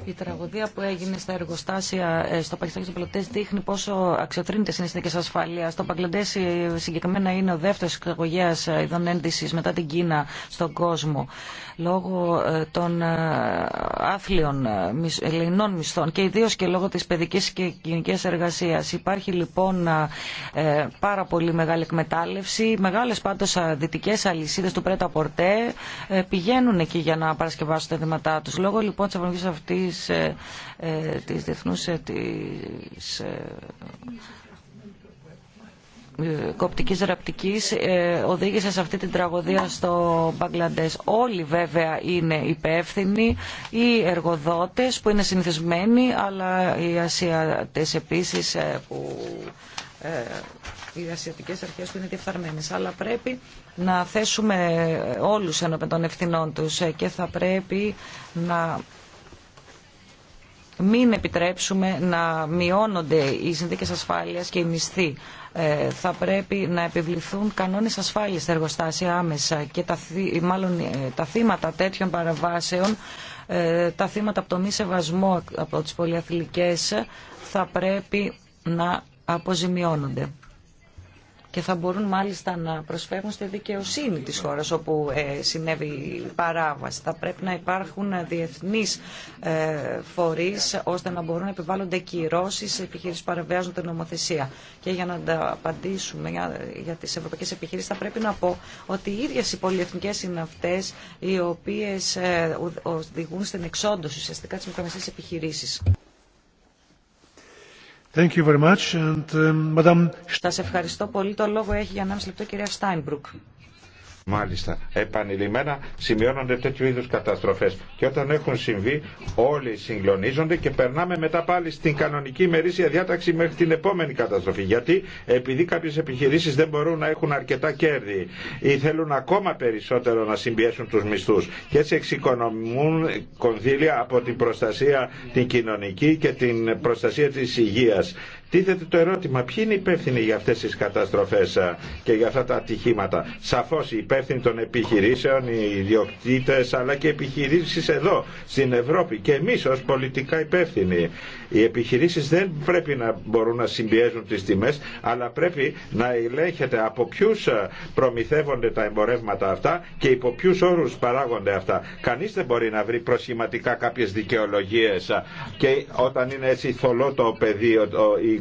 η τραγωδία που έγινε στα εργοστάσια ε, στο Πακιστάν και στο δείχνει πόσο αξιοθρύνεται είναι οι ασφαλεία. Στο Παγκλαντέ ε, συγκεκριμένα είναι ο δεύτερο εξαγωγέα ε, ειδών ένδυση μετά την Κίνα στον κόσμο. Λόγω των άθλιων ελληνών μισθών και ιδίω και λόγω τη παιδική και κοινωνική εργασία. Υπάρχει λοιπόν πάρα πολύ μεγάλη εκμετάλλευση. Μεγάλε πάντω δυτικέ αλυσίδε του Πρέτα Πορτέ πηγαίνουν εκεί για να παρασκευάσουν τα δήματά του. Λόγω λοιπόν τη αυτής ε, ε, της διεθνούς ε, της κοπτικής ραπτικής οδήγησε σε αυτή την τραγωδία στο Μπαγκλαντές. Όλοι βέβαια είναι υπεύθυνοι, οι εργοδότες που είναι συνηθισμένοι, αλλά οι Ασιατές επίσης που οι ασιατικές αρχές που είναι διεφθαρμένες. Αλλά πρέπει να θέσουμε όλους ενώπιον των ευθυνών τους και θα πρέπει να μην επιτρέψουμε να μειώνονται οι συνθήκες ασφάλειας και οι μισθοί. Ε, θα πρέπει να επιβληθούν κανόνες ασφάλειας στα εργοστάσια άμεσα και τα, μάλλον, ε, τα θύματα τέτοιων παραβάσεων, ε, τα θύματα από το μη σεβασμό από τις πολυαθλικές, θα πρέπει να αποζημιώνονται και θα μπορούν μάλιστα να προσφέρουν στη δικαιοσύνη της χώρας όπου ε, συνέβη η παράβαση. Θα πρέπει να υπάρχουν διεθνείς ε, φορείς ώστε να μπορούν να επιβάλλονται κυρώσεις σε επιχειρήσεις που παραβιάζουν την νομοθεσία. Και για να τα απαντήσουμε για τις ευρωπαϊκές επιχειρήσεις θα πρέπει να πω ότι οι ίδιες οι πολυεθνικές είναι αυτές οι οποίες ε, οδηγούν στην εξόντωση ουσιαστικά της μικρομεσαίας επιχειρήσεις. Thank um, Σας ευχαριστώ πολύ. Το λόγο έχει για 1,5 λεπτό η κυρία Στάινμπρουκ. Μάλιστα. Επανειλημμένα σημειώνονται τέτοιου είδου καταστροφέ. Και όταν έχουν συμβεί, όλοι συγκλονίζονται και περνάμε μετά πάλι στην κανονική ημερήσια διάταξη μέχρι την επόμενη καταστροφή. Γιατί επειδή κάποιε επιχειρήσει δεν μπορούν να έχουν αρκετά κέρδη ή θέλουν ακόμα περισσότερο να συμπιέσουν του μισθού. Και έτσι εξοικονομούν κονδύλια από την προστασία την κοινωνική και την προστασία τη υγεία τίθεται το ερώτημα ποιοι είναι υπεύθυνοι για αυτές τις καταστροφές ε, και για αυτά τα ατυχήματα. Σαφώς οι υπεύθυνοι των επιχειρήσεων, οι ιδιοκτήτες αλλά και οι επιχειρήσεις εδώ στην Ευρώπη και εμείς ως πολιτικά υπεύθυνοι. Οι επιχειρήσεις δεν πρέπει να μπορούν να συμπιέζουν τις τιμές αλλά πρέπει να ελέγχεται από ποιου ε, προμηθεύονται τα εμπορεύματα αυτά και υπό ποιου όρου παράγονται αυτά. Κανείς δεν μπορεί να βρει προσχηματικά κάποιες δικαιολογίε ε, και όταν είναι έτσι θολό το πεδίο,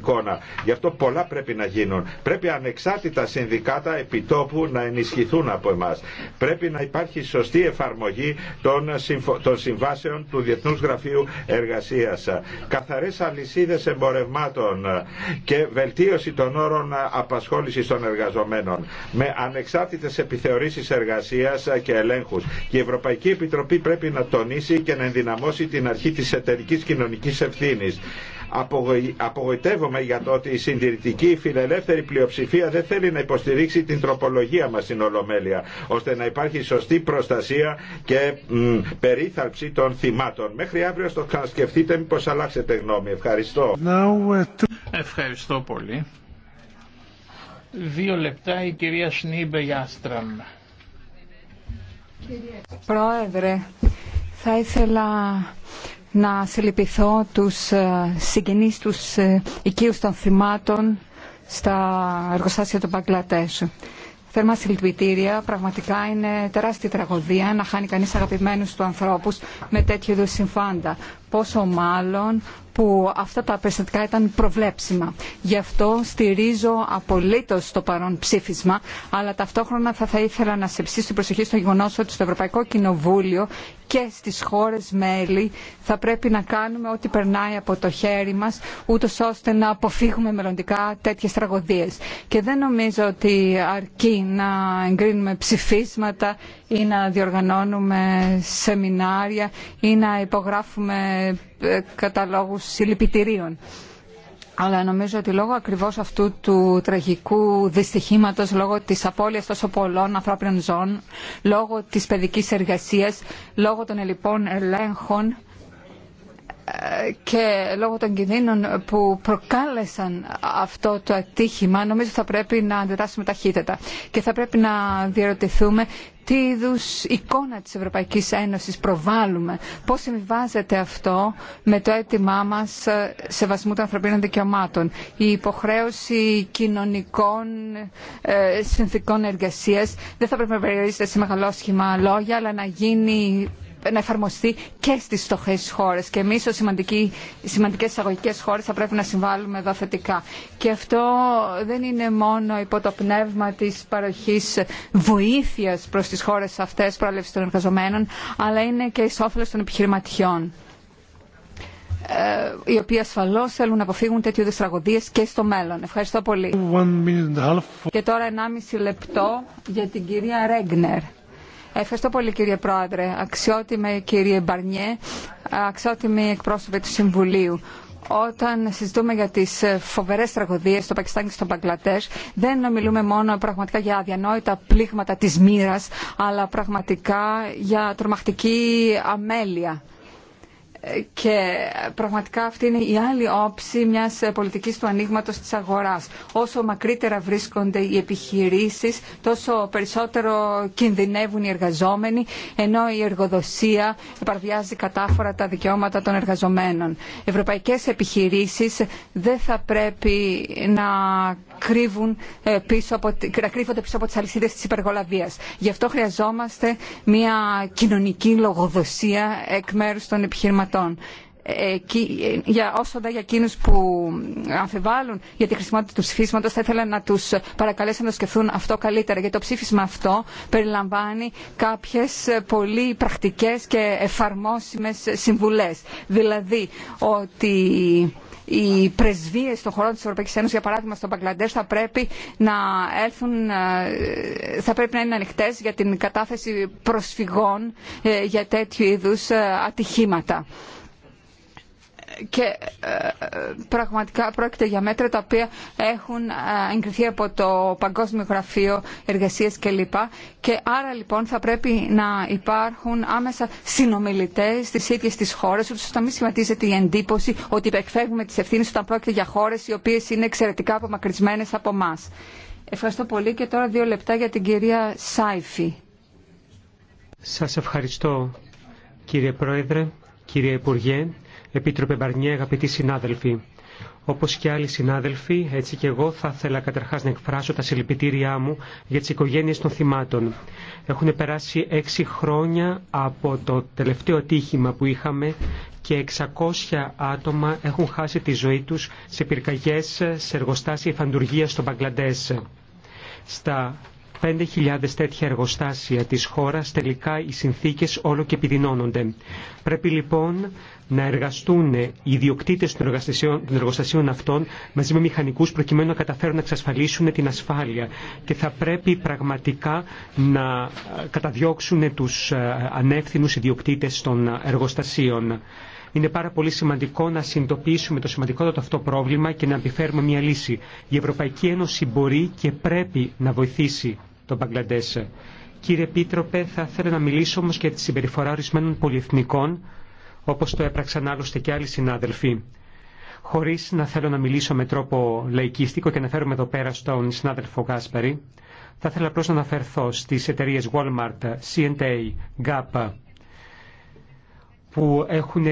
εικόνα. Γι' αυτό πολλά πρέπει να γίνουν. Πρέπει ανεξάρτητα συνδικάτα επιτόπου να ενισχυθούν από εμά. Πρέπει να υπάρχει σωστή εφαρμογή των συμβάσεων του διεθνού Γραφείου Εργασίας. Καθαρές αλυσίδε εμπορευμάτων και βελτίωση των όρων απασχόλησης των εργαζομένων με ανεξάρτητες επιθεωρήσεις εργασίας και ελέγχου. Και η Ευρωπαϊκή Επιτροπή πρέπει να τονίσει και να ενδυναμώσει την αρχή τη εταιρική κοινωνική ευθύνη. Απογοητεύομαι για το ότι η συντηρητική φιλελεύθερη πλειοψηφία δεν θέλει να υποστηρίξει την τροπολογία μας στην Ολομέλεια ώστε να υπάρχει σωστή προστασία και μ, περίθαλψη των θυμάτων. Μέχρι αύριο στο ξανασκεφτείτε μήπως αλλάξετε γνώμη. Ευχαριστώ. Uh, Ευχαριστώ πολύ. Δύο λεπτά η κυρία Σνίμπε Πρόεδρε, θα ήθελα να συλληπιθώ τους ε, συγγενείς τους ε, οικείους των θυμάτων στα εργοστάσια του Μπαγκλατές. Θερμά συλληπιτήρια, πραγματικά είναι τεράστια τραγωδία να χάνει κανείς αγαπημένους του ανθρώπους με τέτοιου είδους συμφάντα πόσο μάλλον που αυτά τα περιστατικά ήταν προβλέψιμα. Γι' αυτό στηρίζω απολύτω το παρόν ψήφισμα, αλλά ταυτόχρονα θα, θα ήθελα να σε ψήσω την προσοχή στο γεγονό ότι στο Ευρωπαϊκό Κοινοβούλιο και στι χώρε μέλη θα πρέπει να κάνουμε ό,τι περνάει από το χέρι μα, ούτω ώστε να αποφύγουμε μελλοντικά τέτοιε τραγωδίε. Και δεν νομίζω ότι αρκεί να εγκρίνουμε ψηφίσματα ή να διοργανώνουμε σεμινάρια ή να υπογράφουμε καταλόγου καταλόγους συλληπιτηρίων. Αλλά νομίζω ότι λόγω ακριβώς αυτού του τραγικού δυστυχήματος, λόγω της απώλειας τόσο πολλών ανθρώπινων ζώων, λόγω της παιδικής εργασίας, λόγω των ελληπών ελέγχων, και λόγω των κινδύνων που προκάλεσαν αυτό το ατύχημα νομίζω θα πρέπει να αντιδράσουμε ταχύτερα και θα πρέπει να διαρωτηθούμε τι είδου εικόνα της Ευρωπαϊκής Ένωσης προβάλλουμε, πώς συμβιβάζεται αυτό με το αίτημά μας ε, σεβασμού των ανθρωπίνων δικαιωμάτων, η υποχρέωση κοινωνικών ε, συνθήκων εργασίας δεν θα πρέπει να περιορίζεται σε μεγαλόσχημα λόγια, αλλά να γίνει να εφαρμοστεί και στι στοχές χώρε. και εμεί ω σημαντικέ εισαγωγικέ χώρε θα πρέπει να συμβάλλουμε εδώ θετικά. Και αυτό δεν είναι μόνο υπό το πνεύμα τη παροχή βοήθεια προ τι χώρε αυτέ, προέλευση των εργαζομένων, αλλά είναι και ει όφελο των επιχειρηματιών ε, οι οποίοι ασφαλώ θέλουν να αποφύγουν τέτοιου είδου τραγωδίε και στο μέλλον. Ευχαριστώ πολύ. Και τώρα 1,5 λεπτό για την κυρία Ρέγνερ. Ευχαριστώ πολύ κύριε Πρόεδρε, αξιότιμε κύριε Μπαρνιέ, αξιότιμοι εκπρόσωποι του Συμβουλίου. Όταν συζητούμε για τις φοβερές τραγωδίες στο Πακιστάν και στο Μπαγκλατές, δεν μιλούμε μόνο πραγματικά για αδιανόητα πλήγματα της μοίρα, αλλά πραγματικά για τρομακτική αμέλεια και πραγματικά αυτή είναι η άλλη όψη μιας πολιτικής του ανοίγματο της αγοράς. Όσο μακρύτερα βρίσκονται οι επιχειρήσεις, τόσο περισσότερο κινδυνεύουν οι εργαζόμενοι, ενώ η εργοδοσία παραβιάζει κατάφορα τα δικαιώματα των εργαζομένων. Ευρωπαϊκές επιχειρήσεις δεν θα πρέπει να, κρύβουν ε, πίσω από, κρύβονται πίσω από τις αλυσίδες της υπεργολαβίας. Γι' αυτό χρειαζόμαστε μια κοινωνική λογοδοσία εκ μέρους των επιχειρηματών ε, ε, για, όσο για εκείνου που αμφιβάλλουν για τη χρησιμότητα του ψηφίσματο, θα ήθελα να του παρακαλέσω να το σκεφτούν αυτό καλύτερα. Γιατί το ψήφισμα αυτό περιλαμβάνει κάποιε πολύ πρακτικέ και εφαρμόσιμε συμβουλέ. Δηλαδή, ότι οι πρεσβείες των χωρών της Ευρωπαϊκής Ένωσης, για παράδειγμα στο Μπαγκλαντές, θα πρέπει να ε, θα πρέπει να είναι ανοιχτέ για την κατάθεση προσφυγών ε, για τέτοιου είδους ε, ατυχήματα και ε, πραγματικά πρόκειται για μέτρα τα οποία έχουν ε, εγκριθεί από το Παγκόσμιο Γραφείο Εργασίας κλπ. Και άρα λοιπόν θα πρέπει να υπάρχουν άμεσα συνομιλητές στις ίδιες τις χώρες, ώστε να μην σχηματίζεται η εντύπωση ότι υπεκφεύγουμε τις ευθύνες όταν πρόκειται για χώρες οι οποίες είναι εξαιρετικά απομακρυσμένες από εμά. Ευχαριστώ πολύ και τώρα δύο λεπτά για την κυρία Σάιφη. Σας ευχαριστώ κύριε Πρόεδρε, κύριε Υπουργέ. Επίτροπε Μπαρνιέ, αγαπητοί συνάδελφοι. όπω και άλλοι συνάδελφοι, έτσι και εγώ θα ήθελα καταρχά να εκφράσω τα συλληπιτήριά μου για τι οικογένειε των θυμάτων. Έχουν περάσει έξι χρόνια από το τελευταίο ατύχημα που είχαμε και 600 άτομα έχουν χάσει τη ζωή του σε πυρκαγιές, σε εργοστάσια εφαντουργία στο Μπαγκλαντέ. Στα 5.000 τέτοια εργοστάσια της χώρα, τελικά οι συνθήκε όλο και επιδεινώνονται. Πρέπει λοιπόν να εργαστούν οι ιδιοκτήτε των, των εργοστασίων αυτών μαζί με μηχανικού προκειμένου να καταφέρουν να εξασφαλίσουν την ασφάλεια και θα πρέπει πραγματικά να ε, καταδιώξουν του ε, ανεύθυνου ιδιοκτήτε των εργοστασίων. Είναι πάρα πολύ σημαντικό να συνειδητοποιήσουμε το σημαντικότατο αυτό πρόβλημα και να επιφέρουμε μια λύση. Η Ευρωπαϊκή Ένωση μπορεί και πρέπει να βοηθήσει τον Παγκλαντές. Κύριε Πίτροπε, θα ήθελα να μιλήσω όμω και τη συμπεριφορά ορισμένων πολυεθνικών όπως το έπραξαν άλλωστε και άλλοι συνάδελφοι. Χωρίς να θέλω να μιλήσω με τρόπο λαϊκίστικο και να φέρουμε εδώ πέρα στον συνάδελφο Γκάσπερη, θα ήθελα απλώς να αναφερθώ στις εταιρείες Walmart, C&A, Gap, που έχουν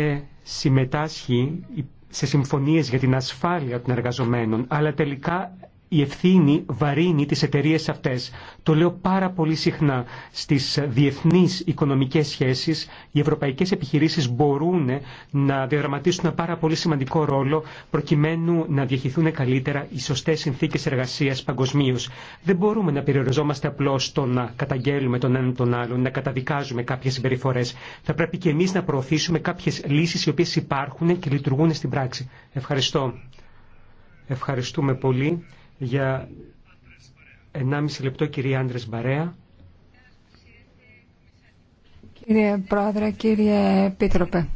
συμμετάσχει σε συμφωνίες για την ασφάλεια των εργαζομένων, αλλά τελικά η ευθύνη βαρύνει τις εταιρείες αυτές. Το λέω πάρα πολύ συχνά. Στις διεθνείς οικονομικές σχέσεις οι ευρωπαϊκές επιχειρήσεις μπορούν να διαδραματίσουν ένα πάρα πολύ σημαντικό ρόλο προκειμένου να διαχειθούν καλύτερα οι σωστές συνθήκες εργασίας παγκοσμίω. Δεν μπορούμε να περιοριζόμαστε απλώς στο να καταγγέλουμε τον έναν τον άλλον, να καταδικάζουμε κάποιες συμπεριφορές. Θα πρέπει και εμείς να προωθήσουμε κάποιες λύσεις οι οποίες υπάρχουν και λειτουργούν στην πράξη. Ευχαριστώ. Ευχαριστούμε πολύ. Για 1,5 λεπτό κυρία Άντρες Μπαρέα. Κύριε Πρόεδρε, κύριε Επίτροπε.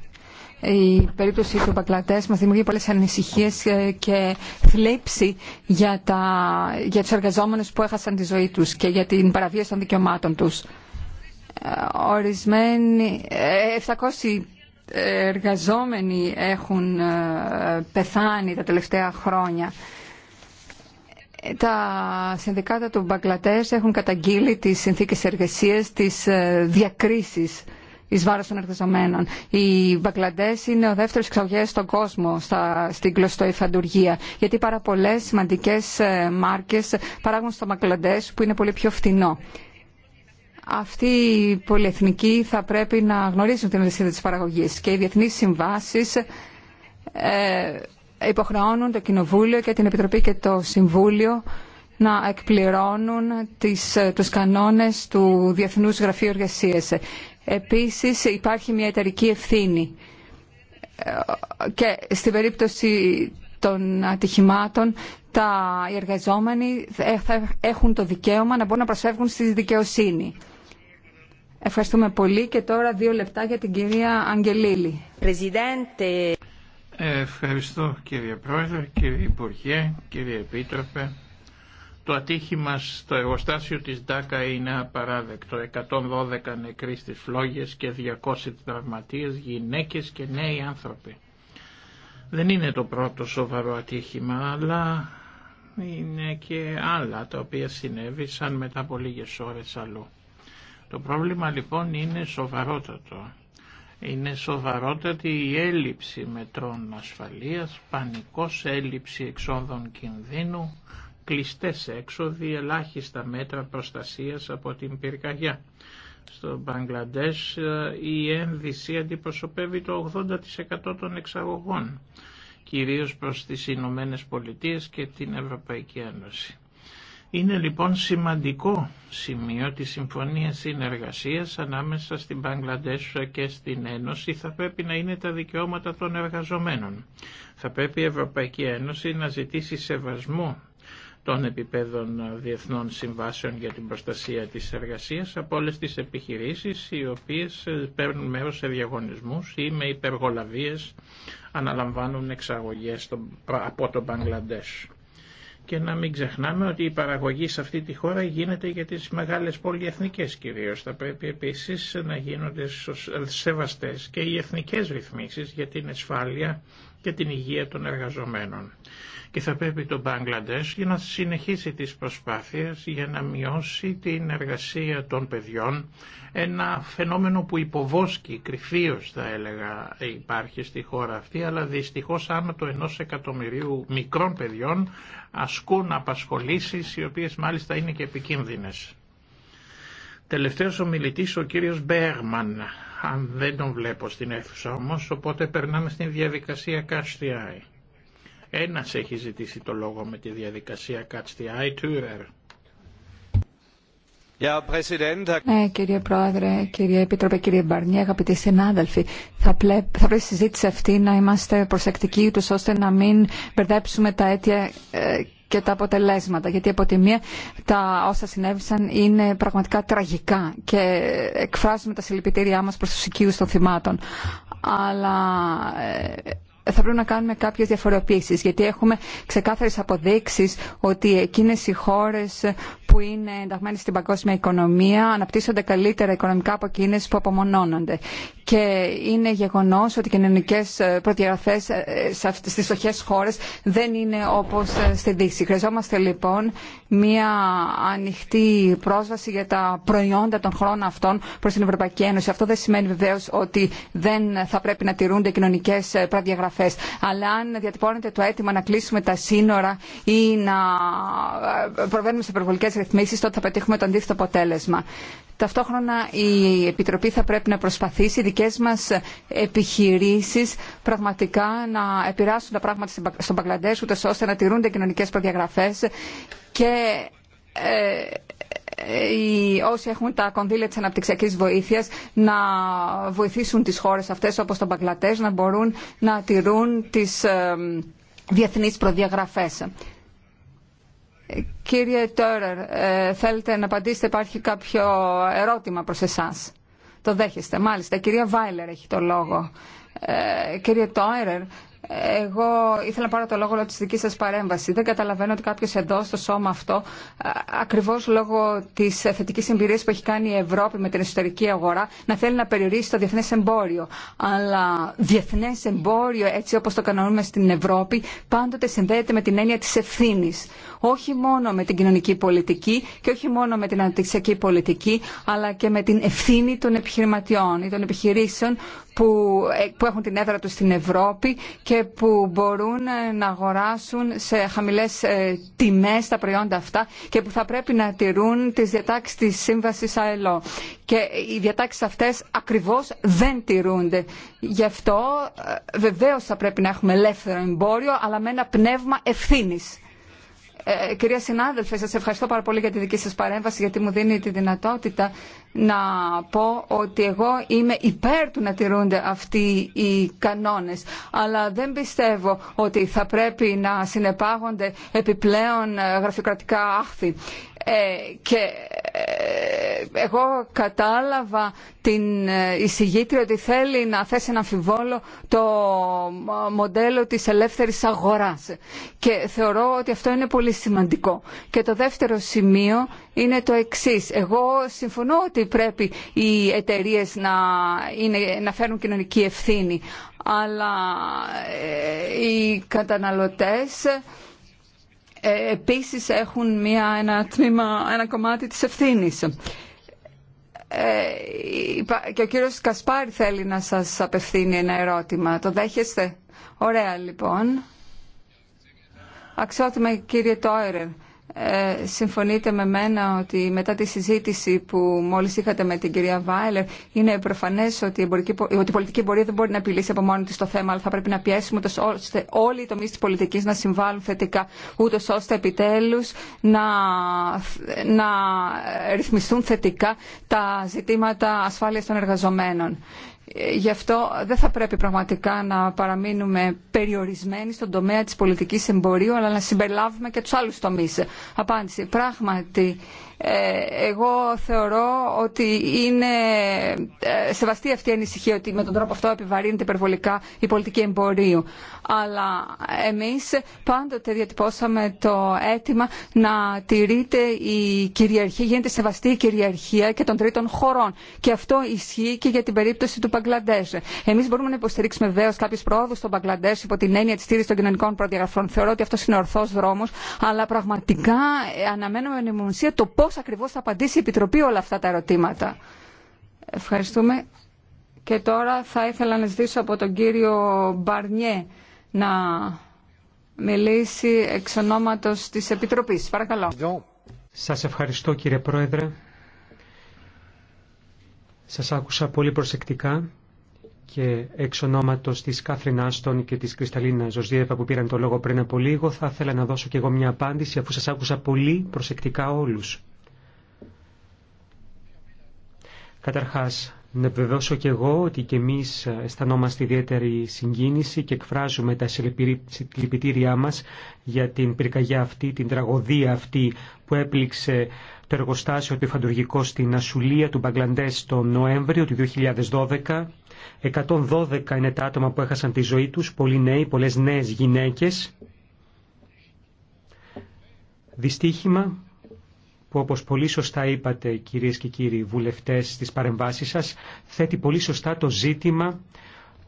Η περίπτωση του Παγκλατές μα δημιουργεί πολλέ ανησυχίες και θλίψη για, τα, για τους εργαζόμενους που έχασαν τη ζωή του και για την παραβίαση των δικαιωμάτων τους. Ε, ορισμένοι, 700 ε, εργαζόμενοι έχουν ε, πεθάνει τα τελευταία χρόνια τα συνδικάτα του Μπαγκλατές έχουν καταγγείλει τις συνθήκες εργασίας, τις ε, διακρίσεις εις βάρος των εργαζομένων. Οι Μπαγκλαντές είναι ο δεύτερος εξαγωγέας στον κόσμο στα, στην κλωστοϊφαντουργία, γιατί πάρα πολλές σημαντικές ε, μάρκες παράγουν στο Μπαγκλαντές που είναι πολύ πιο φτηνό. Αυτοί οι πολυεθνικοί θα πρέπει να γνωρίζουν την αλυσίδα της παραγωγής και οι διεθνείς συμβάσεις ε, υποχρεώνουν το Κοινοβούλιο και την Επιτροπή και το Συμβούλιο να εκπληρώνουν τις, ε, τους κανόνες του Διεθνούς Γραφείου Εργασίας. Επίσης υπάρχει μια εταιρική ευθύνη ε, και στην περίπτωση των ατυχημάτων τα, οι εργαζόμενοι θα έχουν το δικαίωμα να μπορούν να προσφεύγουν στη δικαιοσύνη. Ευχαριστούμε πολύ και τώρα δύο λεπτά για την κυρία Αγγελίλη. Presidente. Ευχαριστώ κύριε Πρόεδρε, κύριε Υπουργέ, κύριε Επίτροπε. Το ατύχημα στο εργοστάσιο της Ντάκα είναι απαράδεκτο. 112 νεκροί στις φλόγες και 200 τραυματίες, γυναίκες και νέοι άνθρωποι. Δεν είναι το πρώτο σοβαρό ατύχημα, αλλά είναι και άλλα τα οποία συνέβησαν μετά από λίγες ώρες αλλού. Το πρόβλημα λοιπόν είναι σοβαρότατο είναι σοβαρότατη η έλλειψη μετρών ασφαλείας, πανικός έλλειψη εξόδων κινδύνου, κλειστές έξοδοι, ελάχιστα μέτρα προστασίας από την πυρκαγιά. Στο Μπαγκλαντές ε, η ένδυση αντιπροσωπεύει το 80% των εξαγωγών, κυρίως προς τις Ηνωμένε Πολιτείες και την Ευρωπαϊκή Ένωση. Είναι λοιπόν σημαντικό σημείο τη Συμφωνίας Συνεργασίας ανάμεσα στην Μπαγκλαντές και στην Ένωση θα πρέπει να είναι τα δικαιώματα των εργαζομένων. Θα πρέπει η Ευρωπαϊκή Ένωση να ζητήσει σεβασμό των επιπέδων διεθνών συμβάσεων για την προστασία της εργασίας από όλες τις επιχειρήσεις οι οποίες παίρνουν μέρος σε διαγωνισμούς ή με υπεργολαβίες αναλαμβάνουν εξαγωγές από τον Παγκλαντέσου και να μην ξεχνάμε ότι η παραγωγή σε αυτή τη χώρα γίνεται για τις μεγάλες πολυεθνικές κυρίως. Θα πρέπει επίσης να γίνονται σεβαστές και οι εθνικές ρυθμίσεις για την ασφάλεια και την υγεία των εργαζομένων και θα πρέπει το Μπαγκλαντές για να συνεχίσει τις προσπάθειες για να μειώσει την εργασία των παιδιών, ένα φαινόμενο που υποβόσκει, κρυφίως θα έλεγα υπάρχει στη χώρα αυτή, αλλά δυστυχώς άνω το ενός εκατομμυρίου μικρών παιδιών ασκούν απασχολήσεις οι οποίες μάλιστα είναι και επικίνδυνες. Τελευταίος ο ο κύριος Μπέρμαν, αν δεν τον βλέπω στην αίθουσα όμως, οπότε περνάμε στην διαδικασία Cash ένας έχει ζητήσει το λόγο με τη διαδικασία Catch the Eye, ναι, κύριε Πρόεδρε, κύριε Επίτροπε, κύριε Μπαρνιέ, αγαπητοί συνάδελφοι, θα, πλέ, θα πρέπει η συζήτηση αυτή να είμαστε προσεκτικοί, ούτως ώστε να μην μπερδέψουμε τα αίτια ε, και τα αποτελέσματα. Γιατί από τη μία τα όσα συνέβησαν είναι πραγματικά τραγικά και εκφράζουμε τα συλληπιτήριά μας προς τους οικείους των θυμάτων. Αλλά ε, θα πρέπει να κάνουμε κάποιες διαφοροποίησεις γιατί έχουμε ξεκάθαρες αποδείξεις ότι εκείνες οι χώρες που είναι ενταγμένοι στην παγκόσμια οικονομία αναπτύσσονται καλύτερα οικονομικά από εκείνε που απομονώνονται. Και είναι γεγονό ότι οι κοινωνικέ ε, προδιαγραφέ ε, στι φτωχέ χώρε δεν είναι όπω ε, στη Δύση. Χρειαζόμαστε λοιπόν μια ανοιχτή πρόσβαση για τα προϊόντα των χρόνων αυτών προ την Ευρωπαϊκή Ένωση. Αυτό δεν σημαίνει βεβαίω ότι δεν θα πρέπει να τηρούνται κοινωνικέ προδιαγραφέ. Αλλά αν διατυπώνεται το αίτημα να κλείσουμε τα σύνορα ή να προβαίνουμε σε υπερβολικέ ρυθμίσει, τότε θα πετύχουμε το αντίθετο αποτέλεσμα. Ταυτόχρονα η Επιτροπή θα πρέπει να προσπαθήσει οι δικές μας επιχειρήσεις πραγματικά να επηρεάσουν τα πράγματα στον Παγκλαντές ούτε ώστε να τηρούνται κοινωνικές προδιαγραφές και ε, ε, οι, όσοι έχουν τα κονδύλια της αναπτυξιακής βοήθειας να βοηθήσουν τις χώρες αυτές όπως τον Παγκλατές να μπορούν να τηρούν τις ε, διεθνείς προδιαγραφές. Κύριε Τόρερ, ε, θέλετε να απαντήσετε, υπάρχει κάποιο ερώτημα προς εσάς. Το δέχεστε, μάλιστα. Κυρία Βάιλερ έχει το λόγο. Ε, κύριε Τόρερ, εγώ ήθελα να πάρω το λόγο λόγω της δικής σας παρέμβασης. Δεν καταλαβαίνω ότι κάποιος εδώ στο σώμα αυτό, ακριβώς λόγω της θετικής εμπειρίας που έχει κάνει η Ευρώπη με την εσωτερική αγορά, να θέλει να περιορίσει το διεθνές εμπόριο. Αλλά διεθνές εμπόριο, έτσι όπως το κανονούμε στην Ευρώπη, πάντοτε συνδέεται με την έννοια της ευθύνη όχι μόνο με την κοινωνική πολιτική και όχι μόνο με την αναπτυξιακή πολιτική, αλλά και με την ευθύνη των επιχειρηματιών ή των επιχειρήσεων που, ε, που έχουν την έδρα τους στην Ευρώπη και που μπορούν ε, να αγοράσουν σε χαμηλές ε, τιμές τα προϊόντα αυτά και που θα πρέπει να τηρούν τις διατάξεις της Σύμβασης ΑΕΛΟ. Και οι διατάξεις αυτές ακριβώς δεν τηρούνται. Γι' αυτό βεβαίως θα πρέπει να έχουμε ελεύθερο εμπόριο, αλλά με ένα πνεύμα ευθύνης. Ε, ε, κυρία συνάδελφε, σας ευχαριστώ πάρα πολύ για τη δική σας παρέμβαση, γιατί μου δίνει τη δυνατότητα να πω ότι εγώ είμαι υπέρ του να τηρούνται αυτοί οι κανόνες αλλά δεν πιστεύω ότι θα πρέπει να συνεπάγονται επιπλέον ε, γραφειοκρατικά άχθη. Ε, και ε, εγώ κατάλαβα την εισηγήτρια ότι θέλει να θέσει ένα αμφιβόλο το μοντέλο της ελεύθερης αγοράς και θεωρώ ότι αυτό είναι πολύ σημαντικό. Και το δεύτερο σημείο είναι το εξής. Εγώ συμφωνώ ότι πρέπει οι εταιρείε να, είναι, να φέρουν κοινωνική ευθύνη. Αλλά ε, οι καταναλωτές ε, επίσης έχουν μια, ένα, τμήμα, ένα κομμάτι της ευθύνης. Ε, και ο κύριος Κασπάρη θέλει να σας απευθύνει ένα ερώτημα. Το δέχεστε. Ωραία λοιπόν. Αξιότιμα κύριε Τόιρερ ε, συμφωνείτε με μένα ότι μετά τη συζήτηση που μόλις είχατε με την κυρία Βάιλερ είναι προφανές ότι η, πολιτική εμπορία δεν μπορεί να επιλύσει από μόνη της το θέμα αλλά θα πρέπει να πιέσουμε ώστε όλοι οι τομείς της πολιτικής να συμβάλλουν θετικά ούτω ώστε επιτέλους να, να ρυθμιστούν θετικά τα ζητήματα ασφάλειας των εργαζομένων. Γι' αυτό δεν θα πρέπει πραγματικά να παραμείνουμε περιορισμένοι στον τομέα της πολιτικής εμπορίου, αλλά να συμπεριλάβουμε και τους άλλους τομείς. Απάντηση. Πράγματι, ε, εγώ θεωρώ ότι είναι ε, σεβαστή αυτή η ανησυχία ότι με τον τρόπο αυτό επιβαρύνεται υπερβολικά η πολιτική εμπορίου. Αλλά εμείς πάντοτε διατυπώσαμε το αίτημα να τηρείται η κυριαρχία, γίνεται σεβαστή η κυριαρχία και των τρίτων χωρών. Και αυτό ισχύει και για την περίπτωση του Παγκλαντές. Εμείς μπορούμε να υποστηρίξουμε βέβαια κάποιες πρόοδους στον Παγκλαντές υπό την έννοια της στήριξης των κοινωνικών προδιαγραφών. Θεωρώ ότι αυτό είναι ορθός δρόμος, αλλά πραγματικά αναμένουμε με το πώς ακριβώς θα απαντήσει η Επιτροπή όλα αυτά τα ερωτήματα. Ευχαριστούμε. Και τώρα θα ήθελα να ζητήσω από τον κύριο Μπαρνιέ να μιλήσει εξ ονόματος της Επιτροπής. Παρακαλώ. Σας ευχαριστώ κύριε Πρόεδρε. Σας άκουσα πολύ προσεκτικά και εξ ονόματος της Κάθριν Άστον και της Κρυσταλίνα Ζωζίεβα που πήραν το λόγο πριν από λίγο θα ήθελα να δώσω και εγώ μια απάντηση αφού σας άκουσα πολύ προσεκτικά όλους. Καταρχάς, να επιβεβαιώσω και εγώ ότι και εμείς αισθανόμαστε ιδιαίτερη συγκίνηση και εκφράζουμε τα συλληπιτήριά μας για την πυρκαγιά αυτή, την τραγωδία αυτή που έπληξε το εργοστάσιο του στην Ασουλία του Μπαγκλαντές τον Νοέμβριο του 2012. 112 είναι τα άτομα που έχασαν τη ζωή τους, πολλοί νέοι, πολλές νέες γυναίκες. Δυστύχημα που όπως πολύ σωστά είπατε κυρίες και κύριοι βουλευτές στις παρεμβάσεις σας θέτει πολύ σωστά το ζήτημα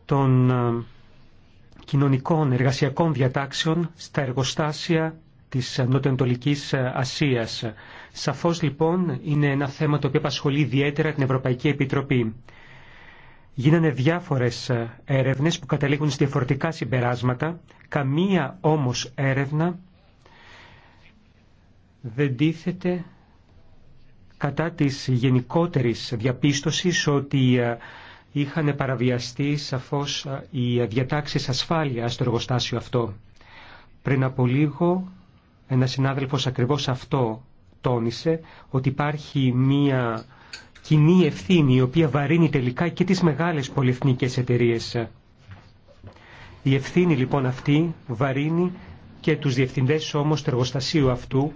των ε, κοινωνικών εργασιακών διατάξεων στα εργοστάσια της Νοτιοανατολικής ε, Ασίας. Σαφώς λοιπόν είναι ένα θέμα το οποίο απασχολεί ιδιαίτερα την Ευρωπαϊκή Επιτροπή. Γίνανε διάφορες ε, έρευνες που καταλήγουν σε διαφορετικά συμπεράσματα, καμία όμως έρευνα δεν τίθεται κατά της γενικότερης διαπίστωσης ότι ε, είχαν παραβιαστεί σαφώς ε, οι διατάξεις ασφάλειας στο εργοστάσιο αυτό. Πριν από λίγο ένα συνάδελφος ακριβώς αυτό τόνισε ότι υπάρχει μία κοινή ευθύνη η οποία βαρύνει τελικά και τις μεγάλες πολυεθνικές εταιρείες. Η ευθύνη λοιπόν αυτή βαρύνει και τους διευθυντές όμως του εργοστασίου αυτού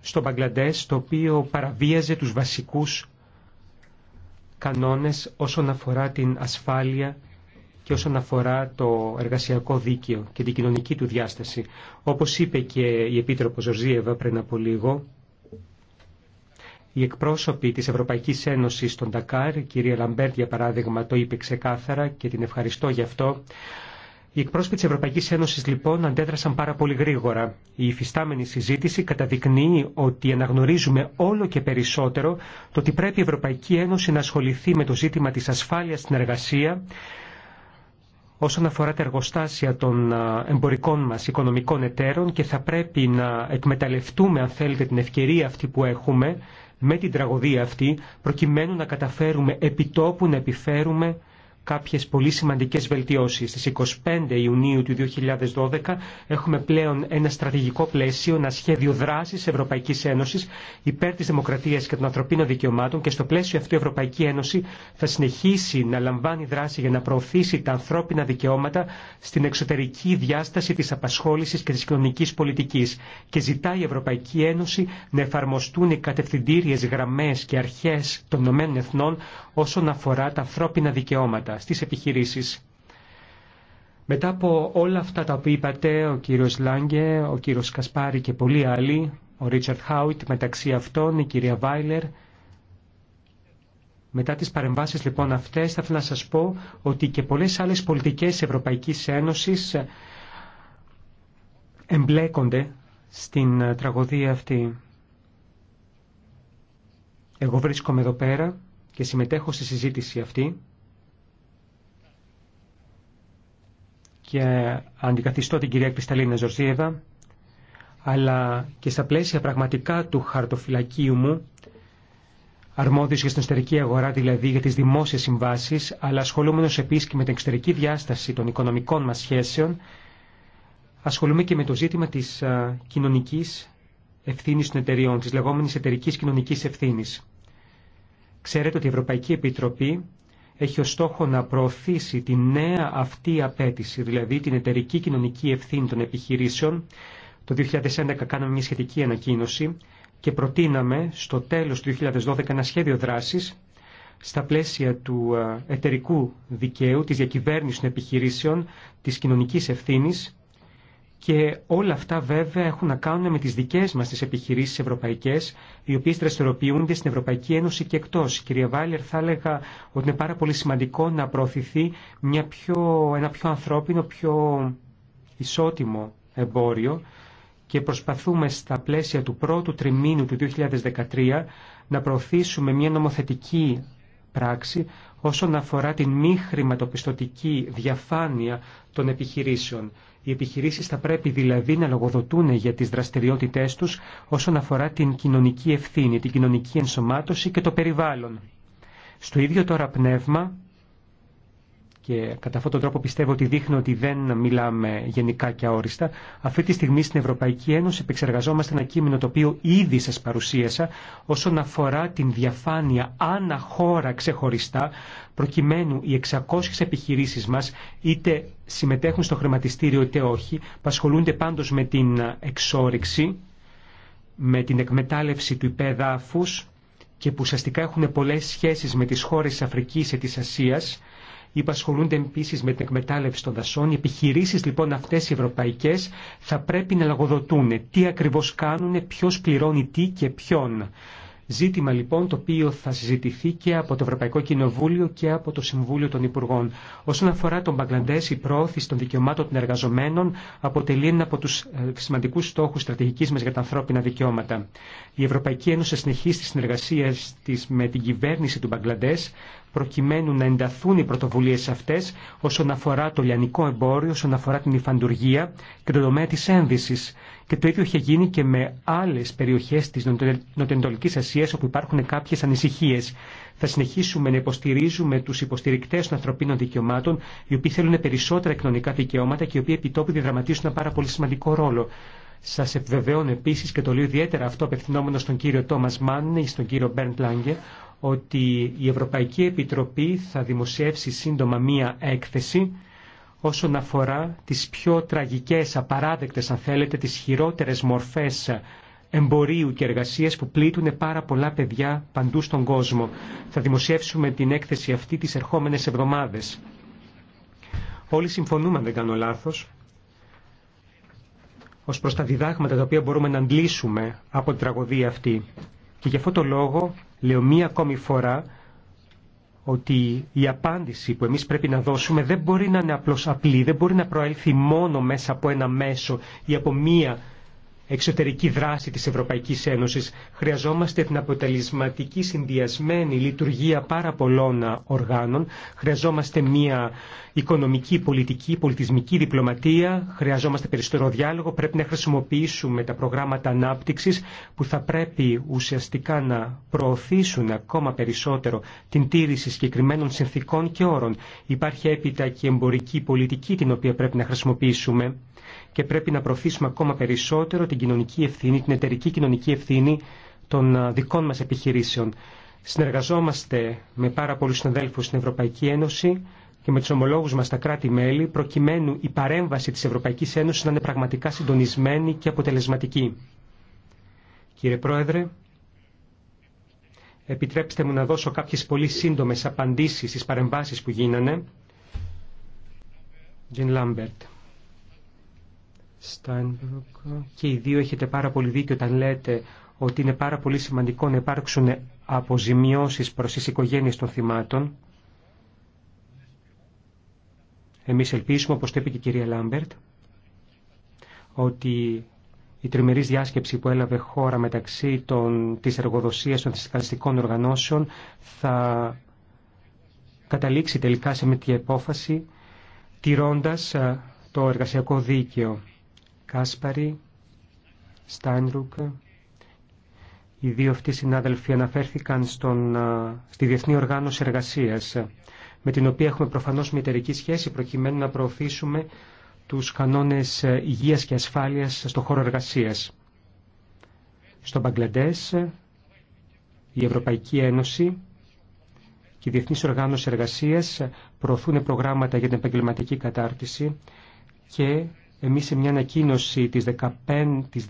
στο Μπαγκλαντές το οποίο παραβίαζε τους βασικούς κανόνες όσον αφορά την ασφάλεια και όσον αφορά το εργασιακό δίκαιο και την κοινωνική του διάσταση. Όπως είπε και η Επίτροπος Ζορζίεβα πριν από λίγο, οι εκπρόσωποι της Ευρωπαϊκής Ένωσης στον Τακάρ, η κυρία Λαμπέρτ για παράδειγμα το είπε ξεκάθαρα και την ευχαριστώ γι' αυτό, οι εκπρόσωποι τη Ευρωπαϊκή Ένωση λοιπόν αντέδρασαν πάρα πολύ γρήγορα. Η υφιστάμενη συζήτηση καταδεικνύει ότι αναγνωρίζουμε όλο και περισσότερο το ότι πρέπει η Ευρωπαϊκή Ένωση να ασχοληθεί με το ζήτημα τη ασφάλεια στην εργασία όσον αφορά τα εργοστάσια των εμπορικών μας οικονομικών εταίρων και θα πρέπει να εκμεταλλευτούμε αν θέλετε την ευκαιρία αυτή που έχουμε με την τραγωδία αυτή προκειμένου να καταφέρουμε επιτόπου να επιφέρουμε κάποιες πολύ σημαντικές βελτιώσεις. Στις 25 Ιουνίου του 2012 έχουμε πλέον ένα στρατηγικό πλαίσιο, ένα σχέδιο δράσης Ευρωπαϊκής Ένωσης υπέρ της δημοκρατίας και των ανθρωπίνων δικαιωμάτων και στο πλαίσιο αυτή η Ευρωπαϊκή Ένωση θα συνεχίσει να λαμβάνει δράση για να προωθήσει τα ανθρώπινα δικαιώματα στην εξωτερική διάσταση της απασχόλησης και της κοινωνικής πολιτικής και ζητάει η Ευρωπαϊκή Ένωση να εφαρμοστούν οι κατευθυντήριες γραμμές και αρχές των Εθνών όσον αφορά τα ανθρώπινα δικαιώματα στις επιχειρήσεις. Μετά από όλα αυτά τα οποία είπατε, ο κύριος Λάγκε, ο κύριος Κασπάρη και πολλοί άλλοι, ο Ρίτσαρτ Χάουιτ μεταξύ αυτών, η κυρία Βάιλερ, μετά τις παρεμβάσεις λοιπόν αυτές θα ήθελα να σας πω ότι και πολλές άλλες πολιτικές Ευρωπαϊκής Ένωσης ε, εμπλέκονται στην ε, τραγωδία αυτή. Εγώ βρίσκομαι εδώ πέρα και συμμετέχω στη συζήτηση αυτή και αντικαθιστώ την κυρία Κρυσταλίνα Ζορζίεβα, αλλά και στα πλαίσια πραγματικά του χαρτοφυλακίου μου, αρμόδιος για την εσωτερική αγορά, δηλαδή για τις δημόσιες συμβάσεις, αλλά ασχολούμενος επίσης και με την εξωτερική διάσταση των οικονομικών μας σχέσεων, ασχολούμαι και με το ζήτημα της κοινωνικής ευθύνης των εταιριών, της λεγόμενης εταιρική κοινωνικής ευθύνης. Ξέρετε ότι η Ευρωπαϊκή Επιτροπή έχει ως στόχο να προωθήσει τη νέα αυτή απέτηση, δηλαδή την εταιρική κοινωνική ευθύνη των επιχειρήσεων. Το 2011 κάναμε μια σχετική ανακοίνωση και προτείναμε στο τέλος του 2012 ένα σχέδιο δράσης στα πλαίσια του ε, εταιρικού δικαίου, της διακυβέρνησης των επιχειρήσεων, της κοινωνικής ευθύνης και όλα αυτά βέβαια έχουν να κάνουν με τις δικές μας τις επιχειρήσεις ευρωπαϊκές, οι οποίες δραστηριοποιούνται στην Ευρωπαϊκή Ένωση και εκτός. Κυρία Βάλλερ θα έλεγα ότι είναι πάρα πολύ σημαντικό να προωθηθεί μια πιο, ένα πιο ανθρώπινο, πιο ισότιμο εμπόριο και προσπαθούμε στα πλαίσια του πρώτου τριμήνου του 2013 να προωθήσουμε μια νομοθετική πράξη όσον αφορά την μη χρηματοπιστωτική διαφάνεια των επιχειρήσεων. Οι επιχειρήσεις θα πρέπει δηλαδή να λογοδοτούν για τις δραστηριότητές τους όσον αφορά την κοινωνική ευθύνη, την κοινωνική ενσωμάτωση και το περιβάλλον. Στο ίδιο τώρα πνεύμα και κατά αυτόν τον τρόπο πιστεύω ότι δείχνω ότι δεν μιλάμε γενικά και αόριστα. Αυτή τη στιγμή στην Ευρωπαϊκή Ένωση επεξεργαζόμαστε ένα κείμενο το οποίο ήδη σας παρουσίασα όσον αφορά την διαφάνεια ανά χώρα ξεχωριστά προκειμένου οι 600 επιχειρήσεις μας είτε συμμετέχουν στο χρηματιστήριο είτε όχι, ασχολούνται πάντως με την εξόριξη, με την εκμετάλλευση του υπέδαφους και που ουσιαστικά έχουν πολλές σχέσεις με τις χώρες της Αφρικής και της Ασίας υπασχολούνται επίση με την εκμετάλλευση των δασών. Οι επιχειρήσει λοιπόν αυτέ οι ευρωπαϊκέ θα πρέπει να λαγοδοτούν τι ακριβώ κάνουν, ποιο πληρώνει τι και ποιον. Ζήτημα λοιπόν το οποίο θα συζητηθεί και από το Ευρωπαϊκό Κοινοβούλιο και από το Συμβούλιο των Υπουργών. Όσον αφορά τον Μπαγκλαντέ, η πρόοδηση των δικαιωμάτων των εργαζομένων αποτελεί ένα από του ε, σημαντικού στόχου στρατηγική μα για τα ανθρώπινα δικαιώματα. Η Ευρωπαϊκή Ένωση συνεχίζει τη συνεργασία τη με την κυβέρνηση του Μπαγκλαντέ προκειμένου να ενταθούν οι πρωτοβουλίε αυτέ όσον αφορά το λιανικό εμπόριο, όσον αφορά την υφαντουργία και το τομέα τη ένδυση. Και το ίδιο είχε γίνει και με άλλε περιοχέ τη Νοτιοανατολική Ασία, όπου υπάρχουν κάποιε ανησυχίε. Θα συνεχίσουμε να υποστηρίζουμε του υποστηρικτέ των ανθρωπίνων δικαιωμάτων οι οποίοι θέλουν περισσότερα κοινωνικά δικαιώματα και οι οποίοι επιτόπου διαδραματίζουν ένα πάρα πολύ σημαντικό ρόλο. Σα επιβεβαιώνω επίση και το λέω ιδιαίτερα αυτό απευθυνόμενο στον κύριο Τόμα Μάνι, στον κύριο Μπέρντ Λάγκε, ότι η Ευρωπαϊκή Επιτροπή θα δημοσιεύσει σύντομα μία έκθεση όσον αφορά τις πιο τραγικές, απαράδεκτες αν θέλετε, τις χειρότερες μορφές εμπορίου και εργασίες που πλήττουν πάρα πολλά παιδιά παντού στον κόσμο. Θα δημοσιεύσουμε την έκθεση αυτή τις ερχόμενες εβδομάδες. Όλοι συμφωνούμε, αν δεν κάνω λάθος, ως προς τα διδάγματα τα οποία μπορούμε να αντλήσουμε από την τραγωδία αυτή. Και γι' αυτό το λόγο λέω μία ακόμη φορά ότι η απάντηση που εμείς πρέπει να δώσουμε δεν μπορεί να είναι απλώς απλή, δεν μπορεί να προέλθει μόνο μέσα από ένα μέσο ή από μία εξωτερική δράση της Ευρωπαϊκής Ένωσης. Χρειαζόμαστε την αποτελεσματική συνδυασμένη λειτουργία πάρα πολλών οργάνων. Χρειαζόμαστε μια οικονομική, πολιτική, πολιτισμική διπλωματία. Χρειαζόμαστε περισσότερο διάλογο. Πρέπει να χρησιμοποιήσουμε τα προγράμματα ανάπτυξης που θα πρέπει ουσιαστικά να προωθήσουν ακόμα περισσότερο την τήρηση συγκεκριμένων συνθήκων και όρων. Υπάρχει έπειτα και εμπορική πολιτική την οποία πρέπει να χρησιμοποιήσουμε και πρέπει να προωθήσουμε ακόμα περισσότερο την κοινωνική ευθύνη, την εταιρική κοινωνική ευθύνη των δικών μας επιχειρήσεων. Συνεργαζόμαστε με πάρα πολλούς συναδέλφους στην Ευρωπαϊκή Ένωση και με τους ομολόγους μας στα κράτη-μέλη προκειμένου η παρέμβαση της Ευρωπαϊκής Ένωσης να είναι πραγματικά συντονισμένη και αποτελεσματική. Κύριε Πρόεδρε, επιτρέψτε μου να δώσω κάποιες πολύ σύντομες απαντήσεις στις παρεμβάσεις που γίνανε. Jean Lambert. Steinberg και οι δύο έχετε πάρα πολύ δίκιο όταν λέτε ότι είναι πάρα πολύ σημαντικό να υπάρξουν αποζημιώσεις προς τις οικογένειες των θυμάτων. Εμείς ελπίσουμε όπως το είπε και η κυρία Λάμπερτ, ότι η τριμερής διάσκεψη που έλαβε χώρα μεταξύ των, της εργοδοσίας των θρησκευτικών οργανώσεων θα καταλήξει τελικά σε μια απόφαση τηρώντας ε, το εργασιακό δίκαιο. Κάσπαρη, Στάινρουκ. Οι δύο αυτοί συνάδελφοι αναφέρθηκαν στον, στη Διεθνή Οργάνωση Εργασίας, με την οποία έχουμε προφανώς μια σχέση προκειμένου να προωθήσουμε τους κανόνες ε, υγείας και ασφάλειας στο χώρο εργασίας. Στον Μπαγκλαντές, η Ευρωπαϊκή Ένωση και η Διεθνής Οργάνωση Εργασίας προωθούν προγράμματα για την επαγγελματική κατάρτιση και εμείς σε μια ανακοίνωση της, 15, της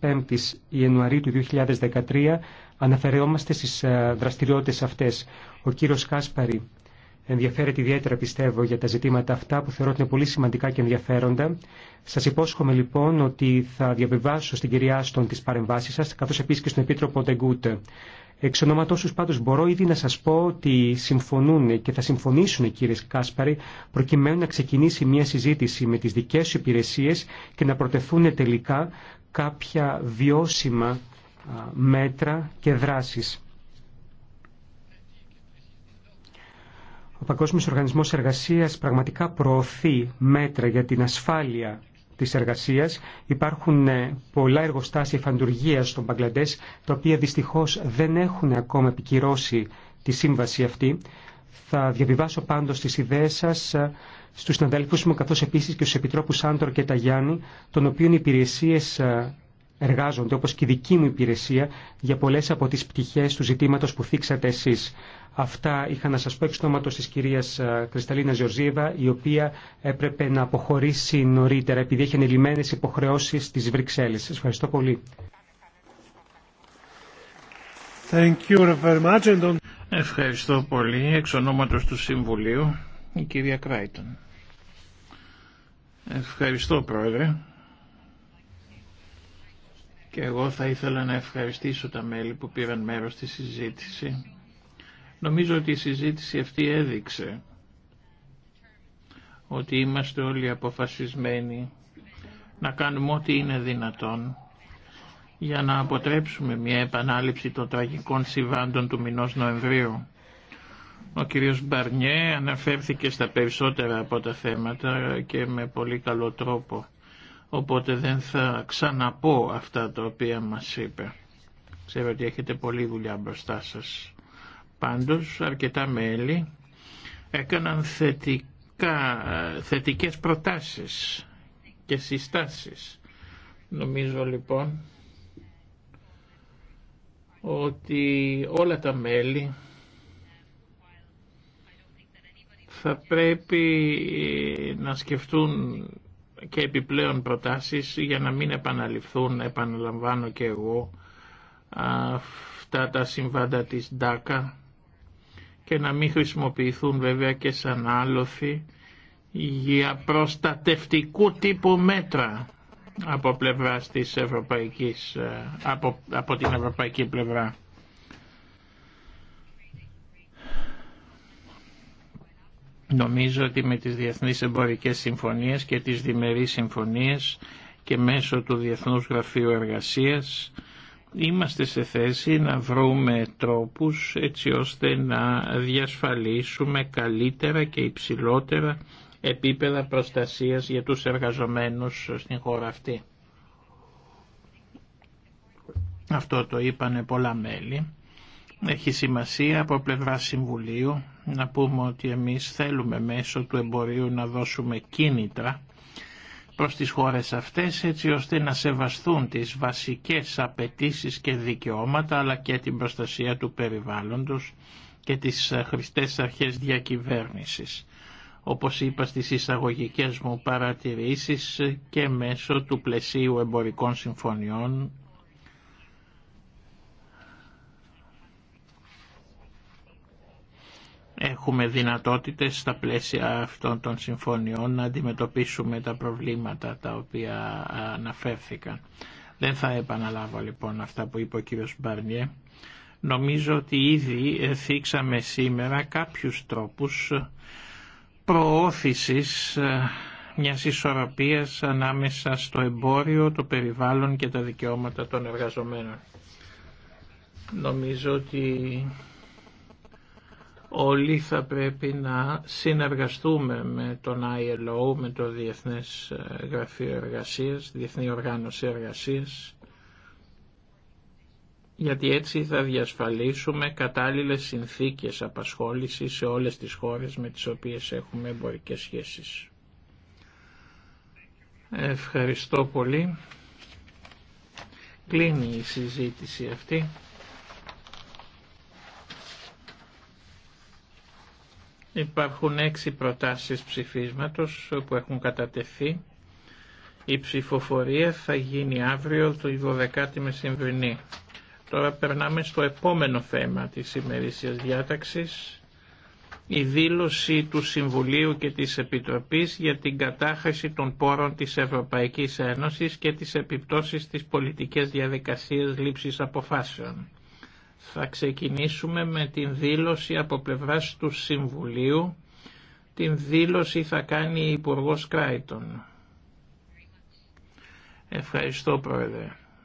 15ης Ιανουαρίου του 2013 αναφερόμαστε στις ε, δραστηριότητες αυτές. Ο κύριος Κάσπαρη ενδιαφέρεται ιδιαίτερα πιστεύω για τα ζητήματα αυτά που θεωρώ ότι είναι πολύ σημαντικά και ενδιαφέροντα. Σας υπόσχομαι λοιπόν ότι θα διαβιβάσω στην κυρία Άστον τις παρεμβάσεις σας καθώς επίσης και στον Επίτροπο Ντεγκούτε. Εξ ονόματός μπορώ ήδη να σας πω ότι συμφωνούν και θα συμφωνήσουν οι κύριες Κάσπαρη προκειμένου να ξεκινήσει μια συζήτηση με τις δικές σου υπηρεσίες και να προτεθούν τελικά κάποια βιώσιμα μέτρα και δράσεις. Ο Παγκόσμιος Οργανισμός Εργασίας πραγματικά προωθεί μέτρα για την ασφάλεια της εργασίας. Υπάρχουν ε, πολλά εργοστάσια φαντουργίας στον Παγκλαντές, τα οποία δυστυχώς δεν έχουν ακόμα επικυρώσει τη σύμβαση αυτή. Θα διαβιβάσω πάντως τις ιδέες σας ε, στους συναδέλφους μου, καθώς επίσης και στους Επιτρόπους Άντορ και Ταγιάννη, των οποίων οι υπηρεσίες ε, εργάζονται, όπως και η δική μου υπηρεσία, για πολλές από τις πτυχές του ζητήματος που θίξατε εσείς. Αυτά είχα να σας πω εξ νόματος της κυρίας Κρυσταλίνα Ζιοζίβα, η οποία έπρεπε να αποχωρήσει νωρίτερα, επειδή έχει ανελημμένες υποχρεώσεις της Βρυξέλλης. Σας ευχαριστώ πολύ. Thank you very much. Ευχαριστώ πολύ. Εξ ονόματος του Συμβουλίου, η κυρία Κράιτον. Ευχαριστώ, Πρόεδρε. Και εγώ θα ήθελα να ευχαριστήσω τα μέλη που πήραν μέρος στη συζήτηση. Νομίζω ότι η συζήτηση αυτή έδειξε ότι είμαστε όλοι αποφασισμένοι να κάνουμε ό,τι είναι δυνατόν για να αποτρέψουμε μια επανάληψη των τραγικών συμβάντων του μηνός Νοεμβρίου. Ο κύριος Μπαρνιέ αναφέρθηκε στα περισσότερα από τα θέματα και με πολύ καλό τρόπο οπότε δεν θα ξαναπώ αυτά τα οποία μας είπε. Ξέρω ότι έχετε πολλή δουλειά μπροστά σας. Πάντως αρκετά μέλη έκαναν θετικά, θετικές προτάσεις και συστάσεις. Νομίζω λοιπόν ότι όλα τα μέλη θα πρέπει να σκεφτούν και επιπλέον προτάσεις για να μην επαναληφθούν, επαναλαμβάνω και εγώ, αυτά τα συμβάντα της Ντάκα και να μην χρησιμοποιηθούν βέβαια και σαν άλοθη για προστατευτικού τύπου μέτρα από πλευράς της Ευρωπαϊκής, από, από την Ευρωπαϊκή πλευρά. Νομίζω ότι με τις διεθνείς εμπορικές συμφωνίες και τις διμερείς συμφωνίες και μέσω του Διεθνούς Γραφείου Εργασίας είμαστε σε θέση να βρούμε τρόπους έτσι ώστε να διασφαλίσουμε καλύτερα και υψηλότερα επίπεδα προστασίας για τους εργαζομένους στην χώρα αυτή. Αυτό το είπανε πολλά μέλη έχει σημασία από πλευρά Συμβουλίου να πούμε ότι εμείς θέλουμε μέσω του εμπορίου να δώσουμε κίνητρα προς τις χώρες αυτές έτσι ώστε να σεβαστούν τις βασικές απαιτήσεις και δικαιώματα αλλά και την προστασία του περιβάλλοντος και τις ε, χρηστές αρχές διακυβέρνησης. Όπως είπα στις εισαγωγικές μου παρατηρήσεις ε, και μέσω του πλαισίου εμπορικών συμφωνιών έχουμε δυνατότητες στα πλαίσια αυτών των συμφωνιών να αντιμετωπίσουμε τα προβλήματα τα οποία αναφέρθηκαν. Δεν θα επαναλάβω λοιπόν αυτά που είπε ο κύριος Μπαρνιέ. Νομίζω ότι ήδη θίξαμε σήμερα κάποιους τρόπους προώθησης μιας ισορροπίας ανάμεσα στο εμπόριο, το περιβάλλον και τα δικαιώματα των εργαζομένων. Νομίζω ότι Όλοι θα πρέπει να συνεργαστούμε με τον ILO, με το Διεθνές ε, Γραφείο Εργασίας, Διεθνή Οργάνωση Εργασίας, γιατί έτσι θα διασφαλίσουμε κατάλληλες συνθήκες απασχόλησης σε όλες τις χώρες με τις οποίες έχουμε εμπορικές σχέσεις. Ευχαριστώ πολύ. Κλείνει η συζήτηση αυτή. Υπάρχουν έξι προτάσεις ψηφίσματος που έχουν κατατεθεί. Η ψηφοφορία θα γίνει αύριο το 12η μεσημβρινή. Τώρα περνάμε στο επόμενο θέμα της ημερήσιας διάταξης. Η δήλωση του Συμβουλίου και της Επιτροπής για την κατάχρηση των πόρων της Ευρωπαϊκής Ένωσης και τις επιπτώσεις της πολιτικές διαδικασίας λήψης αποφάσεων. Θα ξεκινήσουμε με την δήλωση από πλευράς του Συμβουλίου. Την δήλωση θα κάνει η Υπουργός Κράιτον. Ευχαριστώ Πρόεδρε.